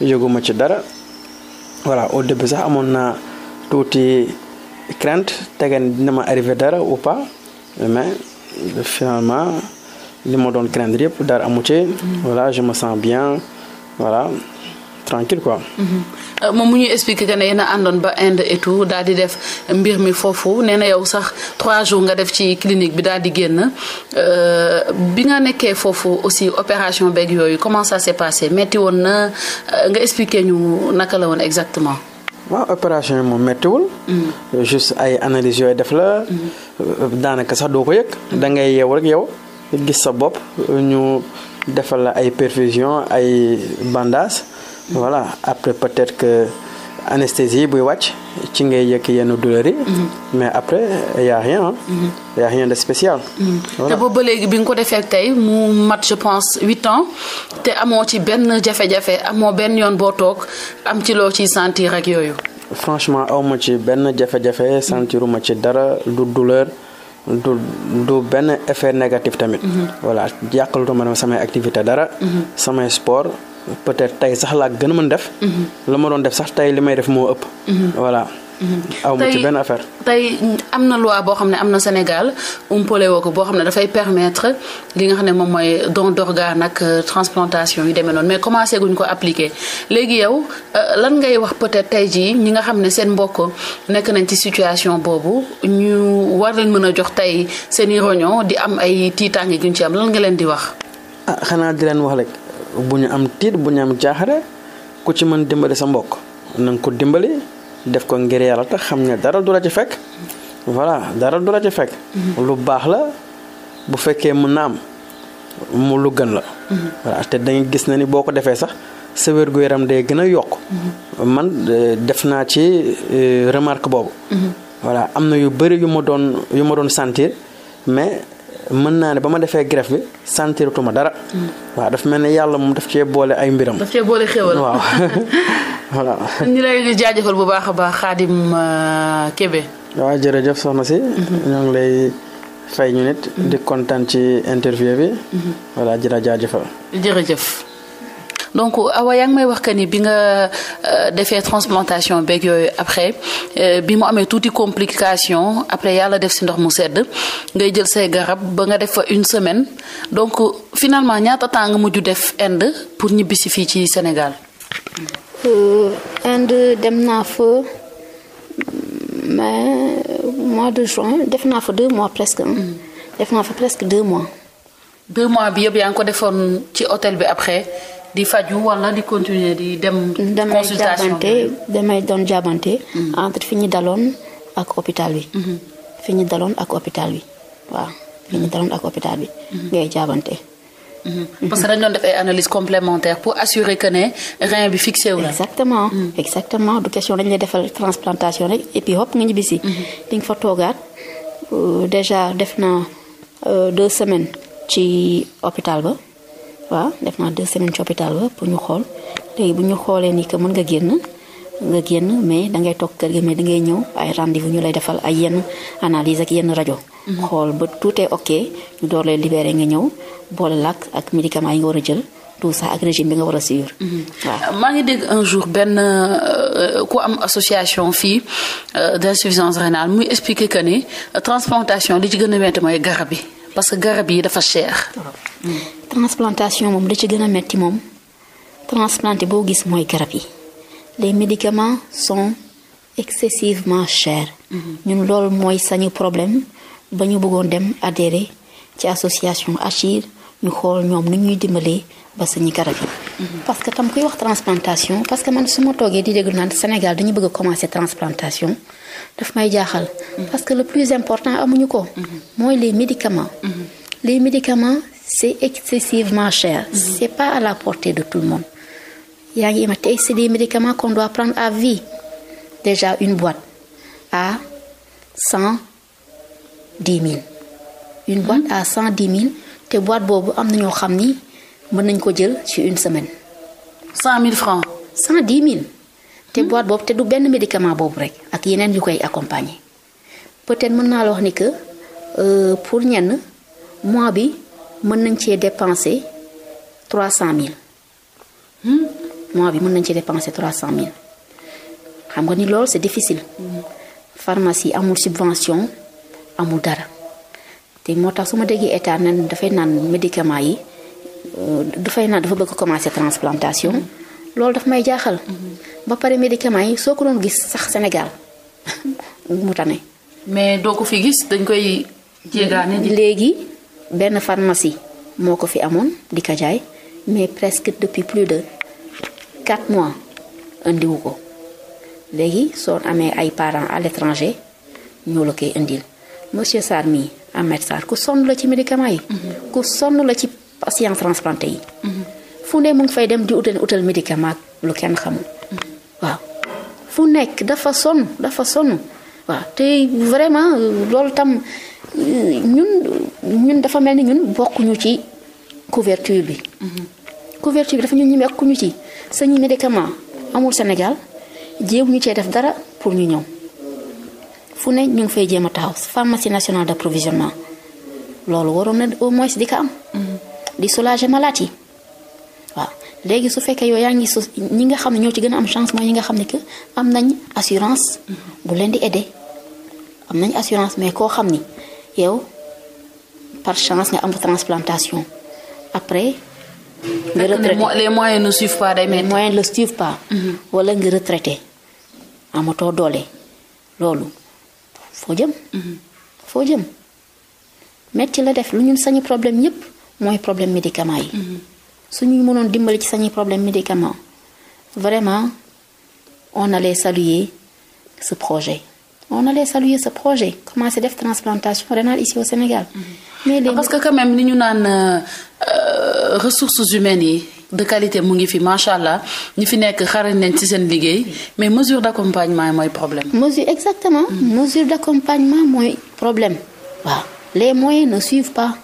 yëguma ci dara voilà au début sax amoon naa tuuti crainte tegen dina ma arrivé dara ou pa mais finalement li ma doon craindre yëpp dara amu ci mm-hmm. voilà je me sens bien voilà tranquille quoi. Mm-hmm. Euh, moom mu ñuy expliquer que ne yéen a àndoon ba Inde et tout daal di def mbir mi foofu nee na yow sax trois jours nga def ci clinique bi daal di génn euh, bi nga nekkee foofu aussi opération beeg yooyu comment ça s'est passé metti woon na euh, nga expliquer ñu naka la woon exactement. waaw opération yi moom méttiwul. Mm. juste ay analyses yooyu def la. Mm. daanaka sax doo ko yëg. Mm. da ngay yeew rek yow gis sa bopp ñu defal la ay perfusion ay bandages. voilà après peut-être que anesthésie buy wàcc ci ngay yëkk yenn douleur yi. Mhm. mais après y a rien mhm. y a rien de spécial. Mhm. te boobu ba léegi bi nga ko defee mu mat pense huit ans te amoo ci benn jafe-jafe amoo benn yoon boo toog am ci loo ciy sentir ak yooyu. franchement awma ci benn jafe-jafe sentiruma ci dara du douleur du du benn effet négatif tamit. voilà yàqalutuma sama activité dara. samay sport. peut-être tey sax laa gën a mën def. Mhm. la ma doon def sax tey li may def moo ëpp. Mhm. voilà. Mhm. aw ma ci benn affaire. tey am na loi boo xam ne am na Sénégal umpale woo ko boo xam ne dafay permettre li nga xam ne moom mooy don d'organe ak euh, transplantation yu demee noonu mais commencé guñ ko appliquer léegi yow euh, lan ngay wax peut-être tey jii ñi nga xam ne seen mbokk nekk nañ ci situation boobu ñu war leen mën a jox tey seen i roño di am ay tiitaange guñ ci am lan nga leen di wax. ah di leen wax rek. bu ñu am tiit bu ñu am jaaxare ku ci mën dimbali sa mbokk na ko dimbali def ko ngir yàlla tax xam ne dara du la fekk voilà dara du la ci fekk mhm. lu baax la bu fekkee mu na mu lu gën la mhm. voilà te danga gis na ni boo ko defee sax sa wér gu yaram day gën a yokk mhm. man def naa ci euh, remarque boobu voilà am na yu bëri yu ma doon yu mais mën naa ne ba ma defee greffe bi sentiratuma dara. Mm. waaw daf mel ne yàlla moom daf cee boole ay mbiram. daf cee boole xéwal waaw. voilà ñu lay jaajëfal bu baax a baax Khadim euh, Kébé. waaw jërëjëf soxna si. Mm-hmm. ñoo ngi lay fay ñu nit. di mm-hmm. kontaan ci interview bi. Mm-hmm. voilà jërëjëf. jërëjëf. donc Awa yaa ngi may wax que ni bi nga euh, defee transplantation beeg yooyu après euh, bi mu amee tuuti complication après yàlla def si ndox mu sedd ngay jël say garab ba nga def fa une semaine donc finalement ñaata temps nga mujj def Inde pour ñibbi si fii ci Sénégal. Euh, Inde dem naa fa mais de juin def naa fa deux mois presque. Mm-hmm. def naa fa presque deux mois. mois bi yëpp yaa ngi ko defoon ci hôtel bi après. di faju wala di continuer di dem. consultation damay jàbbante damay doon jàbbante. Mhm. entre fi ñu daloon ak hôpital bi. Mhm. fi ñu daloon ak hôpital bi waaw fi ñu mhm. daloon bi. ngay jàbbante. parce que dañ doon def ay analyse complémentaire pour assurer que ne rein bi fixé wu la. exactement exactement du question dañ lay defal transplantation rek et puis hop nga ñibbisi. di nga fa toogaat euh, déjà def na euh, deux semaines ci hôpital ba. waaw def naa deux semaines ci hôpital ba pour ñu xool léegi bu ñu xoolee ni que mën nga génn nga génn mais da ngay toog kër gi mais da ngay ñëw ay rendez-vous ñu lay defal ay yenn analyse ak yenn rajo. Mhm. xool ba tout est ok ñu door lay libéré nga ñëw boole làkk ak médicaments yi nga war a jël. tout sax ak régime bi nga war a suivre. Mhm. waaw maa ngi dégg un jour benn euh, ku am association fii euh, d'insuffisance rénale muy expliquer que ni transplantation li ci gën a métti mooy garab yi. parce que garab yi dafa cher. transplantation moom da ci gën a metti moom transplanté boo gis mooy garab yi les médicaments sont excessivement chers. ñun loolu mooy sañu problème ba ñu buggoon dem adhérer ci association Achir ñu xool ñoom nu ñuy dimbalee. ba sañi garab yi. parce que tam koy wax transplantation parce que man suma ma toogee di déglu naan Sénégal dañu bëgg a commencer transplantation daf may jaaxal. parce que le plus important amuñu ko. mooy les médicament les médicament c'est excessivement cher. c'est pas à la portée de tout le monde. yaa ngi ima tey c'est des médicaments qu'on doit prendre à vie déjà une boîte à cent mille. à cent dix mille te boîte boobu am na ñoo xam ni. mën nañ ko jël ci une semaine. cent mille francs. cent dix mille. te boîte boobu te du benn médicament boobu rek ak yeneen yu koy accompagner peut-être mën naa la wax ni que euh, pour ñenn mois bi mën nañ cee dépenser trois cent mille hmm? mois bi mën nañ cee dépenser trois cent xam nga ni loolu c'est difficile. pharmacie amul subvention amul dara te moo tax su ma déggee état nan dafay naan médicament yi. Euh, du fay naa dafa bëgg commencer transplantation loolu daf may jaaxal ba pare médicament yi soo ko doon gis sax Sénégal mu tane mais doo ko fi gis dañ koy jéegaane léegi benn pharmacie moo ko fi amoon di ko jaay mais presque depuis plus de quatre mois indiwu ko léegi soo amee ay parents à l'étranger ñoo la koy indil monsieur Sarr mii Ahmed Sarr ku sonn la ci médicament yi mhm. ku sonn la ci patient transplanté yi. Mhm. fu ne mu ngi fay dem di utal utal médicament lu kenn xamul. Mhm. waaw fu nekk dafa sonn dafa sonn waaw te vraiment euh, loolu tam euh, ñun ñun dafa mel ni ñun bokkuñu ci couverture bi. Mhm. couverture bi dafa ñun ñu bokkuñu ci sañu médicament amul Sénégal jéem ñu cee def dara pour ñu ñëw. fu ne ñu ngi fay jéem a taxaw pharmacie nationale d'approvisionnement loolu waroon na au moins di ko am. di soulager malade yi waaw léegi su fekkee yow yaa ngi so ñi nga xam ne ñoo ci gën a am chance mooy ñi nga xam ne que am nañ assurance. bu leen di aider am nañ assurance mais koo xam ni yow par chance nga am transplantation après. nga retraité les moyens ne suivent pas day les moyens ne suivent pas. Mhm. wala nga retraité amatoo doole loolu foo jëm. Mhm. foo jëm metti la def lu ñun sañu problème yépp mooy problème médicament yi. Mhm. suñu mënoon dimbali ci sañuy problème médicament vraiment on allait saluer ce projet. on allait saluer ce projet commencé def transplantation rénale ici au Sénégal. Mm parce que quand même ni ñu naan euh, ressources humaines yi de qualité mu ngi fi macha allah ñi fi nekk xarañ nañ ci seen liggéey mais mesure d' mooy problème. mesure exactement. Mm mesure d' mooy problème waaw les ne suivent pas.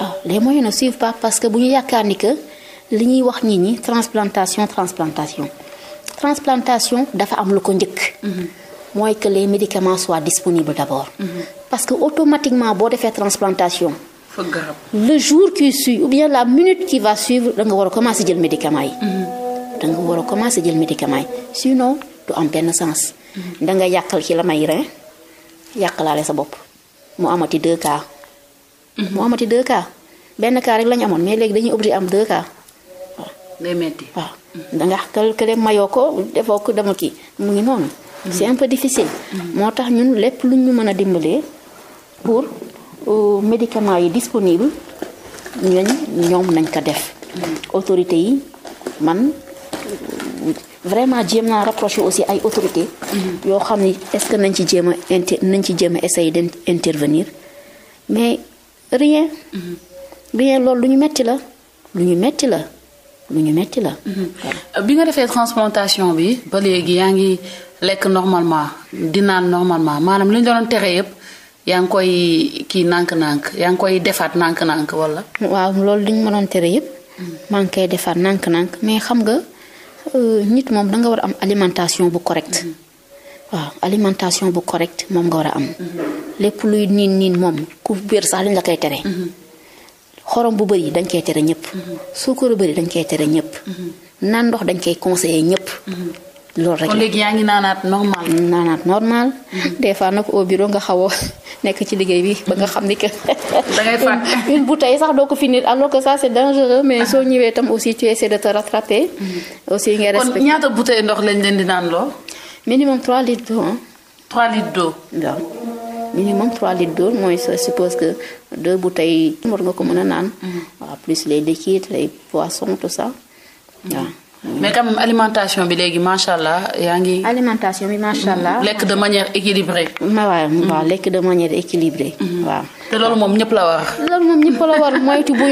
ah les moyens ne suivent pas parce que bu ñu yaakaar ni que li ñuy wax nit ñi transplantation transplantation transplantation dafa am lu ko njëkk. Mm-hmm. mooy que les médicaments soient disponibles d'abord. Mm -hmm. parce que automatiquement boo defee transplantation. le jour qui suit ou bien la minute qui va suivre da nga war a commencer jël médicaments yi. Mm-hmm. da nga war a commencer jël médicaments yi sinon du am benn sens. Mm-hmm. da nga yàqal ci la may rein yàqalaale sa bopp mu amati deux cas. mu amati deux cas benn cas rek lañu amoon mais léegi dañuy obligé am deux cas waaw. metti waaw danga kal kële mayoo ko defoo ko dama kii mu ngi noonu. c'est un peu difficile. moo tax ñun lépp luñ ñu mën a dimbalee pour euh, médicaments yi disponible ñooñ ñoom nañ ko def. autorités yi man vraiment jéem naa rapproché aussi ay autorités. Mm-hmm. yoo xam ni est-ce nañ ci jéem a inter nañ ci jéem a essayer d'intervenir mais. rien. Mm-hmm. rien loolu lu ñu metti la lu ñu metti la lu ñu metti la. Mm-hmm. bi nga defee transplantation bi ba léegi yaa ngi lekk normalement di naan normalement maanaam li ñu doon tere yëpp yaa ngi koy kii nànk-nànk yaa ngi koy defaat nànk-nànk wala. waaw loolu li ñu mënoon tere yëpp. Mm-hmm. maa ngi koy defaat nànk-nànk mais xam nga euh, nit moom da nga war a am alimentation bu correct waaw alimentation bu correct moom nga war a am. lépp luy niin niin moom ku biir sax dañ la koy tere. Mhm. xorom bu bëri dañ koy tere ñëpp. Mhm. suukar bu bëri dañ koy tere ñëpp. Mhm. naan ndox dañ koy conseillé ñëpp. loolu rek léegi yaa ngi naanaat normal. naanaat normal. des fois nag o bureau nga xaw nekk ci liggéey bi ba nga xam ni que. da ngay sax doo ko finir alors que ça c' est dangereux mais soo ñëwee tam aussi tu essaies de te rattraper. aussi ngay respecté kon ñaata bouteille ndox lañ leen di naan lool. minimum 3 litres d' eau. 3 litres minimum 3 litres d'eau mooy je suppose que deux tey war nga ko mën a naan. waaw mhm. plus les liquides les poissons tout ça waaw. Mhm. mais quand alimentation bi léegi macha allah yaa ngi. alimentation bi macha allah. lekk de manière équilibrée. waaw waaw lekk de manière équilibrée. Mhm. waaw te loolu moom ñëpp la war. loolu moom ñëpp la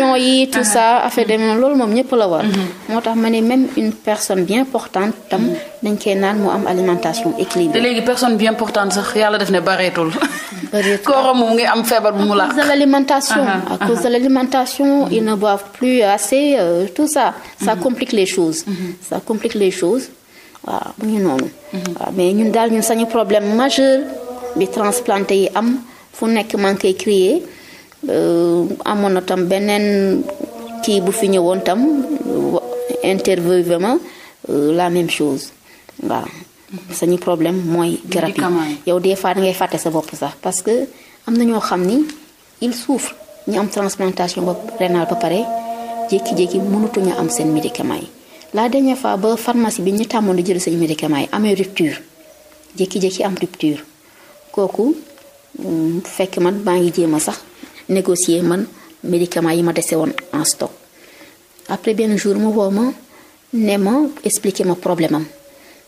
war yi tout ça affaire demee moom ñëpp la war. Mhm. moo tax ma ni même une personne bien portante tam mhm. dañ koy naan mu am alimentation équilibrée. te léegi personne bien portante sax yàlla def ne bareetul. kóoro moom ngi am feebar bu mu la. à cause de l'alimentation à cause de l'alimentation ils ne boivent plus assez euh, tout ça. ça mhm. complique les choses. Mhm. ça complique les choses waaw bu ñu noonu. Mhm. waaw mais ñun daal ñun sañu problème majeur bi transplanté yi am fu nekk maa ngi koy crier amoon na tam beneen kii bu fi ñëwoon tam interviewé ma euh, la même chose waaw. sañu problème mooy garab yi yow des fois da ngay fàtte sa bopp sax parce que am na ñoo xam ni ils souffrent ñu am transplantation ba rénale ba pare jékki-jékki ñu am seen médicaments yi la dernière fois ba pharmacie bi ñu tàmmoon di jël seen médicaments yi amee rupture jékki-jékki am rupture kooku mm, fekk man maa ngi jéem a sax négocier man médicaments yi ma dese woon en stock après benn jour mu woo ma ne ma expliquer ma problème am.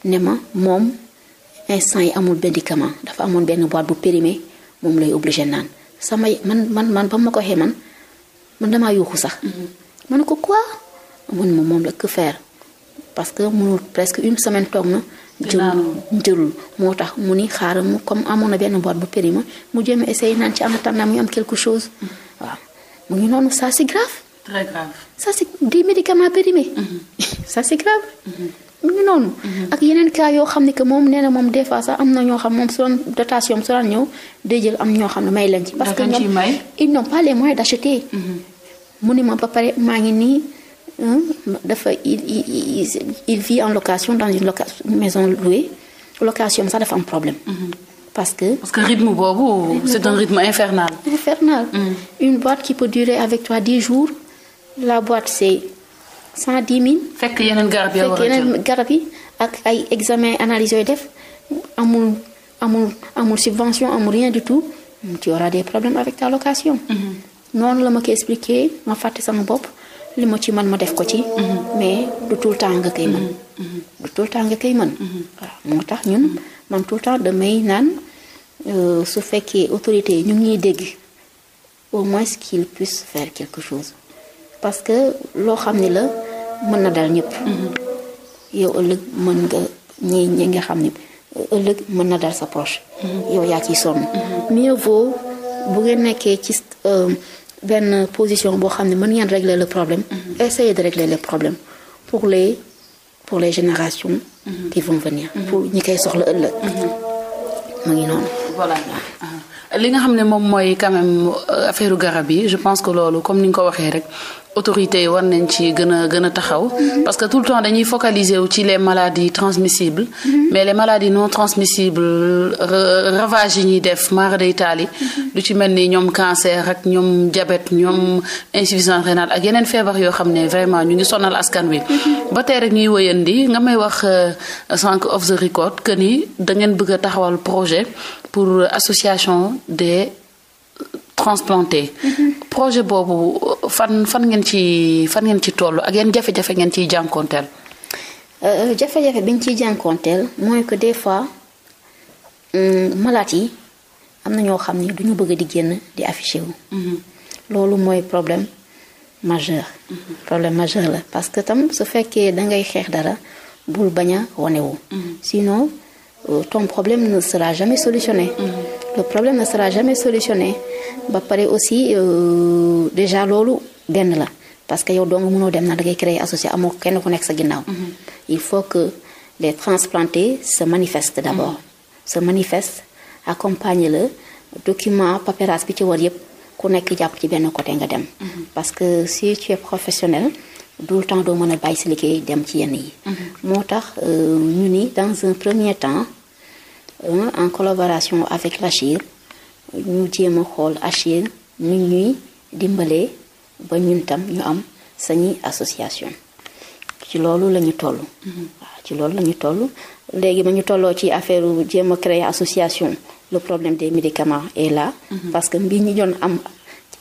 ne ma moom instant yi amul médicament dafa amoon benn boîte bu périmé moom lay obligé naan sama man man man ba ma ko waxee man man damaa yuuxu sax. Mm-hmm. ma ne ko quoi mun ma moom la que parce que munul presque une semaine toog na. jëlul moo tax mu ni xaaral mu comme amoon na benn boîte bu périmé mu jéem a naan ci am tam naa muy am quelque chose. Mm-hmm. waaw mu ngi noonu ça c'est grave. très grave ça c'est des médicaments périmés. Mm-hmm. grave. mi ngi noonu. Mm-hmm. ak yeneen cas yoo xam ne que moom nee na moom des fois sax am na ñoo xam moom su doon dotation am su doon ñëw day am ñoo xam ne may leen ci. parce que ñoom ils mm-hmm. mu ni ma ba pare maa ngi nii dafa il il il vit en location dans une loca maison louée location sax dafa am problème. Mm-hmm. parce que parce que rythme boobu c'est un rythme infernal. infernal. Mm. une boîte qui peut durer avec toi dix jours la boîte c'est cent dix mille. fekk yeneen garab yi garab yi ak ay examen analyse yooyu def amul amul amul subvention amul rien du tout tu auras des problèmes avec ta location. Mhm. noonu la ma ko expliquer ma fàtte sama bopp li ma ci man ma def ko ci. Mhm. mais du tout le temps nga koy mën. Mhm. du tout le temps nga koy moo tax ñun man tout le temps damay naan euh, su fekkee autorité yi ñu ngi ñuy dégg au moins qu'il puisse faire quelque chose parce que loo xam ne la. mën na dal ñëpp. yow ëllëg mën nga ñi ñi nga xam ne ëllëg mën na dal sa proche. yow yaa ciy sonn. mieux bu ngeen nekkee ci euh, benn position boo xam ne mën ngeen régler le problème. essayer de régler le problème pour les pour les génération qui vont pour ñi koy soxla ëllëg. Mhm. mu ngi noonu. li nga xam ne moom mooy quand même euh, garab yi je pense que loolu comme ni nga ko waxee rek autorités yi war nañ ci gën a gën a taxaw mhm. parce que tout le temps dañuy focaliser wu ci les maladies transmissibles mhm. mais les maladies non transmissibles ravage yi ñuy def mara day taali mhm. lu ci mel ni ñoom cancer ak ñoom jabet ñoom insuffisance rénale ak yeneen feebar yoo xam ne vraiment ñu ngi sonal askan wi ba tey rek ñuy wëyandi nga may wax euh, sànq off the record que ni da ngeen bëgg a taxawal projet pour association des transplantés. Mhm. projet boobu fan fan ngeen ci fan ngeen ci toll ak yan jafe-jafe ngeen ciy jànkoonteel. Euh, jafe-jafe bi ñu ciy jànkoonteel mooy que des fois malade yi am na ñoo xam ni du ñu bëgg di génn di affiché wu. Mhm. loolu mooy problème majeur. Mhm. problème majeur la parce que tam su fekkee da ngay xeex dara bul bañ a wane sinon. Euh, ton problème ne sera jamais solutionné. Mhm. le problème ne sera jamais solutionné ba pare aussi euh, déjà loolu benn la parce que yow doo nga mënoo dem na da ngay créer associé amoo kenn ku nekk sa ginnaaw. Mhm. il faut que les transplantés se manifestent d'abord. Mhm. se manifeste accompagner la document paperasse bi ci war yépp ku nekk jàpp ci benn côté nga dem. parce que si tu es professionnel. tout le temps doo mën a bàyyi sa liggéey dem ci yenn yi. Mhm. moo tax euh, ñu ni dans un premier temps euh, en collaboration avec l'ACHIR ñu jéem a xool ACHIR ñu ñuy dimbalee ba ñun tam ñu am sañuy association ci loolu lañu ñu toll. Mhm. waaw ci loolu la ñu toll léegi ma ñu tolloo ci affaire jéem a créer association le problème des médicaments est là. Mhm. parce que ñi doon am.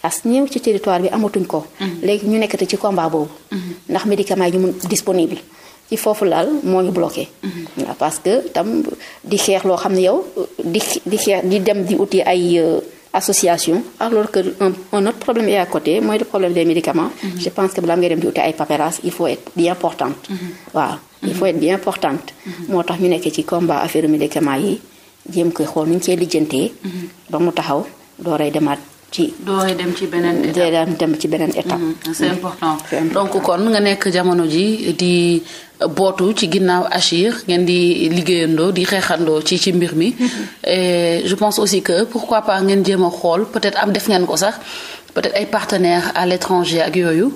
as ñëw ci territoire bi amatuñ ko. Mhm. léegi ñu nekkati ci combat boobu. Mhm. ndax médicament yi ñu mun disponible ci foofu laal moo ñu bloqué. Mhm. parce que tam di xeex loo xam ne yow di di xeex di dem di uti ay. Euh, association alors que un, un autre problème est à côté mooy le problème des médicament mm je pense que balaa ngay dem di uti ay paperasse il faut être bien portante waaw il faut être bien portante moo tax ñu nekk ci combat affaire médicaments yi jéem koy xool nu ñu cee lijjantee ba mu taxaw dooray demaat ci. dooree dem ci beneen étape dooree dem ci beneen mhm, mhm. donc kon nga nekk jamono ji di bootu ci ginnaaw Achir ngeen di liggéeyandoo di xeexandoo ci ci mbir mi. Mhm. et je pense aussi que pourquoi pas ngeen jéem a xool peut-être am def ngeen ko sax peut-être ay partenaire à l'étranger ak yooyu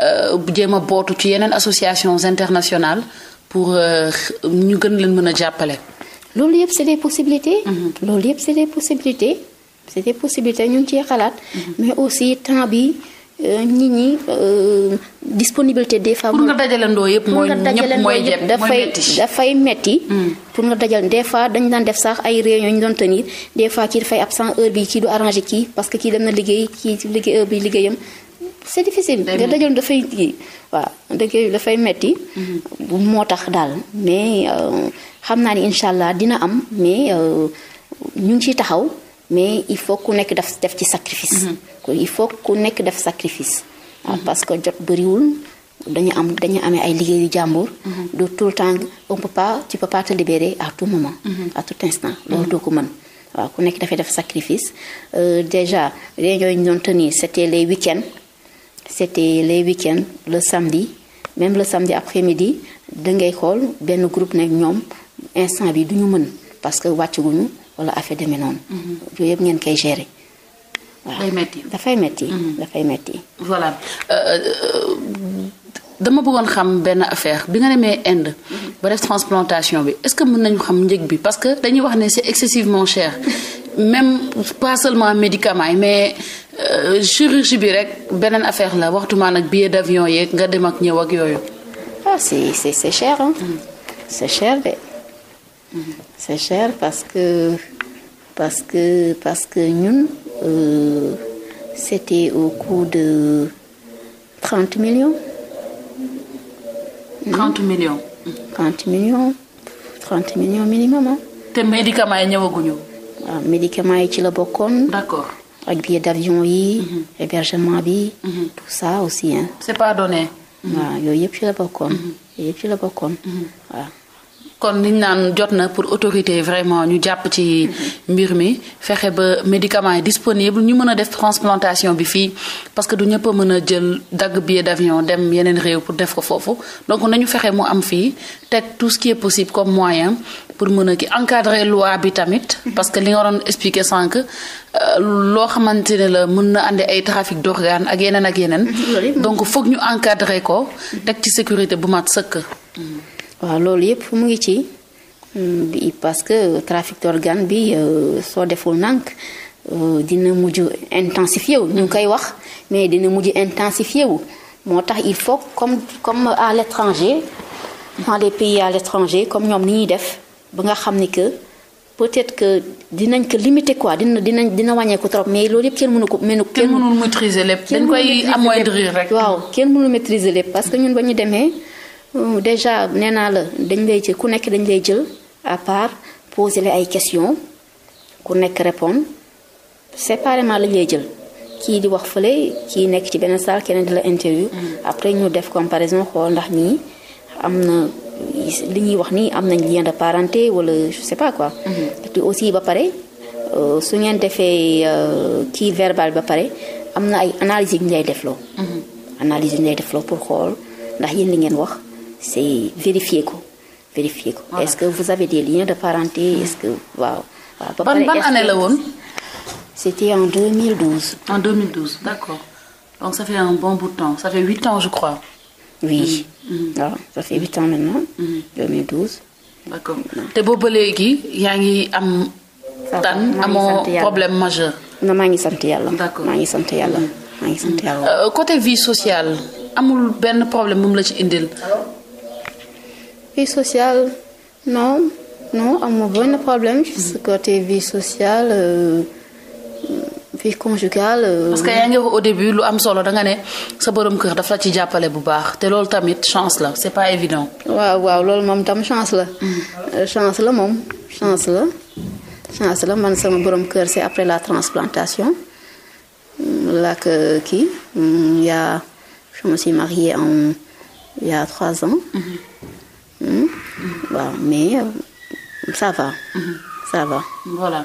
euh, jéem a bootu ci yeneen associations internationales pour euh, ñu gën leen mën a jàppale. loolu yëpp c'est des possibilités. loolu yëpp c'est des possibilités. c'était possibilité ñu ngi ciy xalaat. Mm-hmm. mais aussi temps bi euh, nit ñi euh, disponibilité des femmes. pour nga dajalandoo yëpp mooy ñëpp mooy jëm dafay dafay metti mm. pour nga dajal des fois dañu daan def sax ay réunion ñu doon tenir des fois kii dafay absent heure bi kii du arrangé kii parce que kii dem na liggéey kii liggéey heure bi liggéeyam. c'est difficile nga dajal dafay kii waaw dëgg dafay metti mm-hmm. moo tax daal mais euh, xam naa ni incha allah dina am mais ñu ngi ciy taxaw. mais il faut ku nekk daf def ci sacrifice. Mhm. il faut ku nekk def sacrifice. waaw ah, mhm. parce que jot bëriwul dañu am dañu amee ay liggéeyu jàmbur. Mhm. du tout le temps on peut pas tu peux pas te libérer à tout moment. à tout instant loolu doo ko mën. waaw ku nekk dafay def sacrifice euh, déjà réunion yi ñu doon tenir c'était les week-ends c'était les week le samedi même le samedi après-midi da ngay xool benn groupe nekk ñoom instant bi duñu mën parce que wàcc guñu wala affaire demee noonu. Mhm. yooyu ngeen koy gérer. day metti dafay metti dafay metti mhm. voilà euh, euh, dama bëggoon xam benn affaire bi nga demee Inde. Mhm. ba def transplantation bi est-ce que mun nañu xam njëg bi parce que dañuy wax ne c'est excessivement chair même pas seulement médicaments yi mais euh, chirurgie bi rek beneen affaire la waxtumaan bi billet d'avion yeeg nga dem ak ñëw ak yooyu. ah c'est c'est c'est cher de. c'est cher parce que parce que parce que ñun euh, c'était au coût de trente millions. Hmm? trente millions. trente millions trente millions minimum ah. te médicaments yi ñëwaguñu. waaw ah, médicaments ci la bokkoon. d'accord. ak billet d'avion yi. Mhm. hébergement bi. Mhm. tout ça aussi c'est pas donné. waaw ah, yooyu ci la bokkoon. yooyu yëpp ci la bokkoon waaw. Mhm. kon liñ naan jot na pour autorité vraiment ñu jàpp ci mbir mi fexe ba médicament yi disponible ñu mën a def transplantation bi fii parce que du ñëpp mën a jël dagg billet d'avion dem yeneen réew pour def ko foofu donc nañu fexe mu am fii teg tout ce qui est possible comme moyen pour mën a ki encadrer loi bi tamit parce que li nga doon expliquer sànq euh, loo xamante ne la mën na àndi ay trafic d'organes ak yeneen ak yeneen donc foog ñu encadrer ko teg ci sécurité bu mat sëkk waaw loolu yëpp mu ngi ci euh, parce que trafic d'organe bi euh, soo deful nank euh, dina mujj intensifié wu ñu ngi koy wax mais dina mujj intensifié wu moo tax il faut comme comme à l'étranger dans les pays à l'étranger comme ñoom ni ñu def ba nga xam ni que peut-être que dinañ ko limiter quoi dina dinañ dina wàññeeku trop mais loolu yëpp kenn mënu ko mënu kenn mënul maîtriser lépp dañ koy amoindrir rek waaw kenn mënul maîtriser lépp parce que ñun ba ñu demee Euh, déjà nee naa la dañ lay jël ku nekk dañ lay jël à part poser la ay questions ku nekk répondre séparément lañ lay jël kii di wax fële kii nekk ci benn salle keneen di la interview. Mm-hmm. après ñu def comparaison xool ndax ñii am na li ñuy wax nii am nañ lien de parenté wala je sais pas quoi. Mm-hmm. aussi ba pare euh, su ngeen defee euh, kii verbal ba pare am na ay analyses yu ñu lay defloo. Mm-hmm. analyses pour xool ndax yéen li ngeen wax. c'est vérifier ko vérifier ko. est-ce que vous avez des liens de parenté est-ce que waaw. waaw ba pare ban ban année la woon. c'était en 2012. en 2012 d'accord donc ça fait un bon bout de temps ça huit ans je crois. oui. waaw mm-hmm. mm-hmm. ça fait huit ans maintenant. 2012. Mm-hmm. te boobu ba léegi yaa ngi am. tan amoo problème majeur. non maa ngi sant yàlla. maa ngi sant yàlla. maa ngi sant yàlla. Euh, côté vie sociale amul benn problème moom la ci indil. vie sociale, non, non, à mon problème, juste côté vie sociale. Euh, vie conjugale. Euh, parce que yaa ngi wax au début lu am solo danga ne sa borom kër dafa ci jàppale bu baax te loolu tamit chance la c'est pas évident. waaw waaw moom tam chance la. Mm. Euh, la moom chance la chance la man sama borom kër c'est après la transplantation mm, la que kii mm, y en il trois ans. Mm-hmm. Hmm? waaw mais ça va. Mm-hmm. ça va. voilà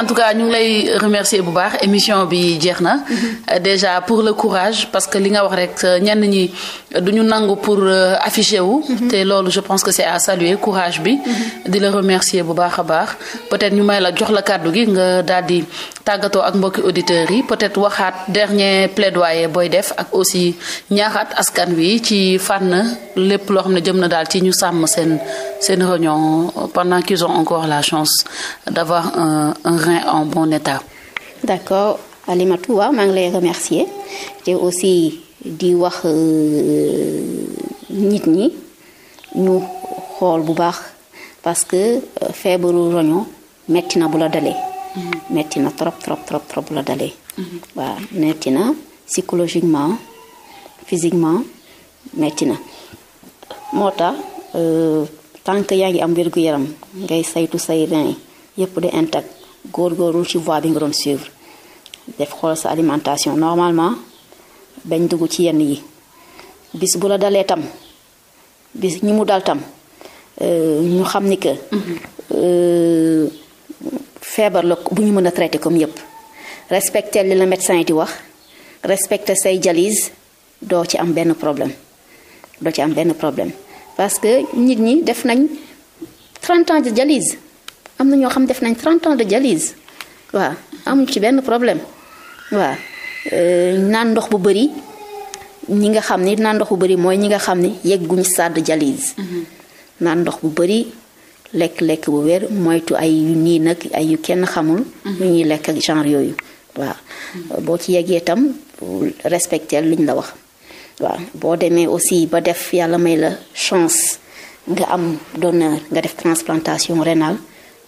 en tout cas ñu ngi lay remercier bu baax émission bi jeex na. Mhm. déjà pour le courage parce que li nga wax rek ñenn ñi du ñu nangu pour euh, afficher wu. Mhm. te loolu je pense que c'est à saluer courage bi. Mhm. di la remercier bu baax a baax peut-être ñu may la jox la kàddu gi nga daal di tàggatoo ak mbokki auditeurs yi peut-être waxaat dernier plaidoyer booy def ak aussi ñaaxaat askan wi ci fànn lépp loo xam ne jëm na daal ci ñu sàmm seen seen réunion pendant qu'ils ont encore avoir un, un rein en bon état. d'accord Alimatou maa ngi lay remercier te aussi di wax euh, nit ñi ñu xool bu baax parce que euh, feebaru roño metti na bu la dalee. Mm-hmm. metti na trop trop trop bu la dalee. Mm-hmm. waaw metti na psychologiquement physiquement metti na moo tax euh, tant yaa ngi am wér-gu-yaram ngay saytu say rein yëpp di intact góorgóorlu ci voie bi nga doon suivre def xool sa alimentation normalement bañ dugg ci yenn yi bis bu la dalee tam bis ñi mu dal tam euh, ñu xam ni que euh, feebar la bu ñu mën a traité comme yëpp respecter li la médecin yi di wax respecté say dialyse doo ci am benn problème doo ci am benn problème parce que nit ñi def nañ 30 ans de dialyse am na ñoo xam def nañ 30 de jalise waaw amuñ ci benn problème waaw euh, naan ndox bu bëri ñi nga xam ni naan ndox bu bari mooy ñi nga xam ni yegguñu stade dialyse mm-hmm. naan ndox bu bëri lekk-lekk bu wér moytu ay yu nii nag ay yu kenn xamul yu mm-hmm. ñuy lekk ak genre yooyu waaw mm-hmm. boo ci yeggee tam respectel liñ la wax waaw boo demee aussi ba def yàlla may la chance nga am donneur nga def transplantation rénale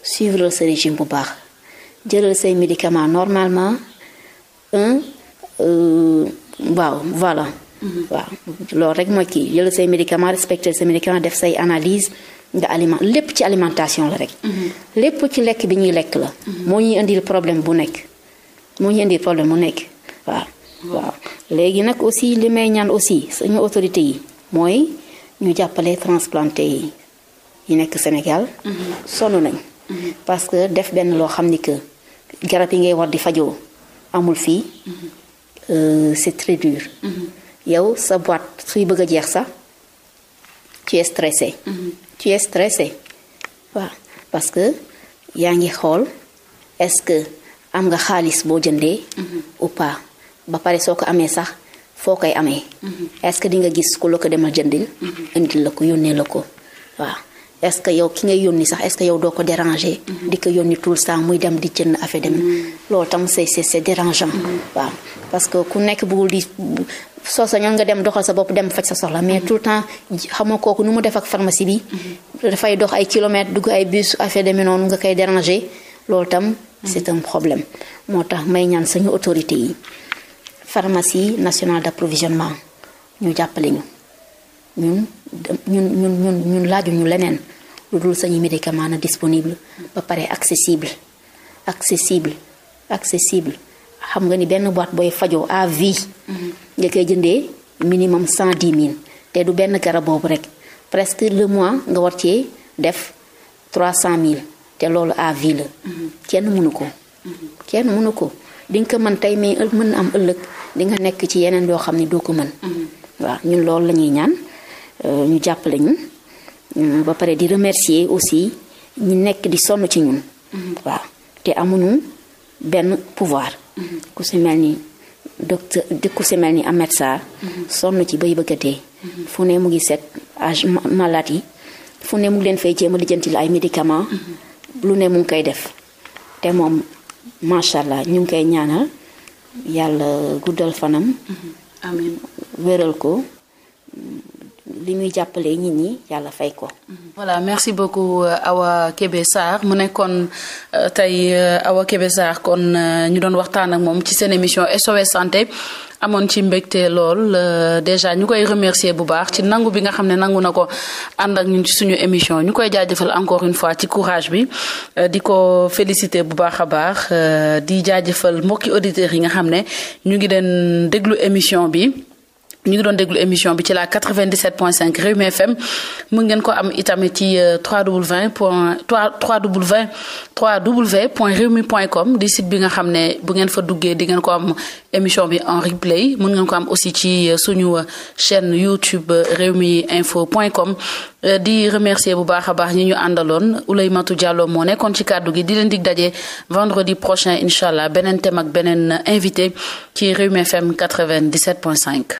suivre sa régime bu baax jëlal say médicaments normalement un euh, waaw voilà. Mhm. waaw loolu rek mooy kii jëlal say médicament respecter say médicaments def say analyse nga aliment lépp ci alimentation la rek. Mhm. lépp ci lekk bi ñuy lekk la. Mhm. moo ñuy indi problème bu nekk moo ñuy indil problème bu nekk waaw. waaw léegi nag aussi li may ñaan aussi suñu autorités yi mooy ñu jàppale transplanté yi nekk Sénégal. sonn nañ. parce que def benn loo xam ni que garab yi ngay war di fajoo amul fii euh, c'est très dur. yow sa boîte suy bëgg a jeex sax tu es stressé. tu es parce que yaa ngi xool est-ce que am nga xaalis boo jëndee. Mhm. ou ba pare soo ko amee sax foo koy amee. Mhm. est-ce que di nga gis ku la ko demal jëndil. Mhm. indil la ko yónnee la ko waaw. est-ce que yow ki ngay yónni sax est-ce que yow doo ko déranger. Mm-hmm. di ko yónni tout le temps muy dem di jënd affaire dem. Mm-hmm. loolu tam c'est c'est dérangeant. Mm-hmm. waaw parce que ku nekk bëggul di soo sañoon nga dem doxal sa bopp dem faj sa soxla mais tout le temps xam nga kooku nu mu def ak pharmacie bi. dafay dox ay kilomètres dugg ay bus affaire demee noonu nga koy déranger loolu tam. c'est un problème moo tax may ñaan suñu autorités yi pharmacie nationale d'approvisionnement ñu jàppale ñu. ñun ñun ñun ñun ñun laajuñu leneen lu dul sañu médicament na disponible ba pare accessible accessible accessible xam nga ni benn boîte booy fajoo à vie. Mm-hmm. nga koy jëndee minimum cent dix mille te du benn garab boobu rek presque le mois nga war cee def trois cent mille te loolu à vie la. Mm-hmm. kenn mënu ko. Mm-hmm. kenn mënu ko di ko mën tey mais mën na am ëllëg di nga nekk ci yeneen yoo xam ne doo ko mën. waaw ñun loolu la ñaan. ñu jàppale ñun euh, ba pare di remercier aussi ñi nekk di sonn ci ñun. Mm-hmm. waaw te amuñu benn pouvoir. Mm-hmm. ku si mel ni docteur ku si mel ni Ahmed Sarr. Mm-hmm. sonn ci bay bëggatee. fu ne mu ngi seet âge malade yi fu ne mu ngi leen fay jéem a lijjanti la ay médicament lu ne mu ngi koy def te moom macha allah ñu ngi koy ñaanal yàlla guddal fanam. amiin wéral ko. li muy jàppale nit ñi yàlla fay ko. Mm-hmm. voilà merci beaucoup euh, Awa Kébé Sarr mu nekkoon euh, tey euh, Awa Kébé saar kon ñu doon waxtaan ak moom ci seen émission SOS santé amoon ci mbégte lool déjà ñu koy remercier bu baax ci nangu bi nga xam ne nangu na ko ànd ak ñu ci suñu émission ñu koy jaajëfal encore une fois ci courage bi di ko féliciter bu baax a baax di jaajëfal mbokki auditeurs yi nga xam ne ñu ngi deen déglu émission bi. ñu ngi doon déglu émission bi ci la 97.5 Rewmi FM mu ngeen ko am itamit ci 3w euh, point 3w 3w point rewmi point com di site bi nga xam ne bu ngeen fa duggee di ngeen ko am émission bi en replay mën ngeen ko am aussi ci euh, suñu euh, chaîne YouTube Rewmi info point com di remercier bu baax a baax ñi ñu àndaloon matu Diallo moo nekkoon ci kàddu gi di leen dig daje vendredi prochain incha allah beneen thème ak beneen invité ci Rewmi FM 97.5.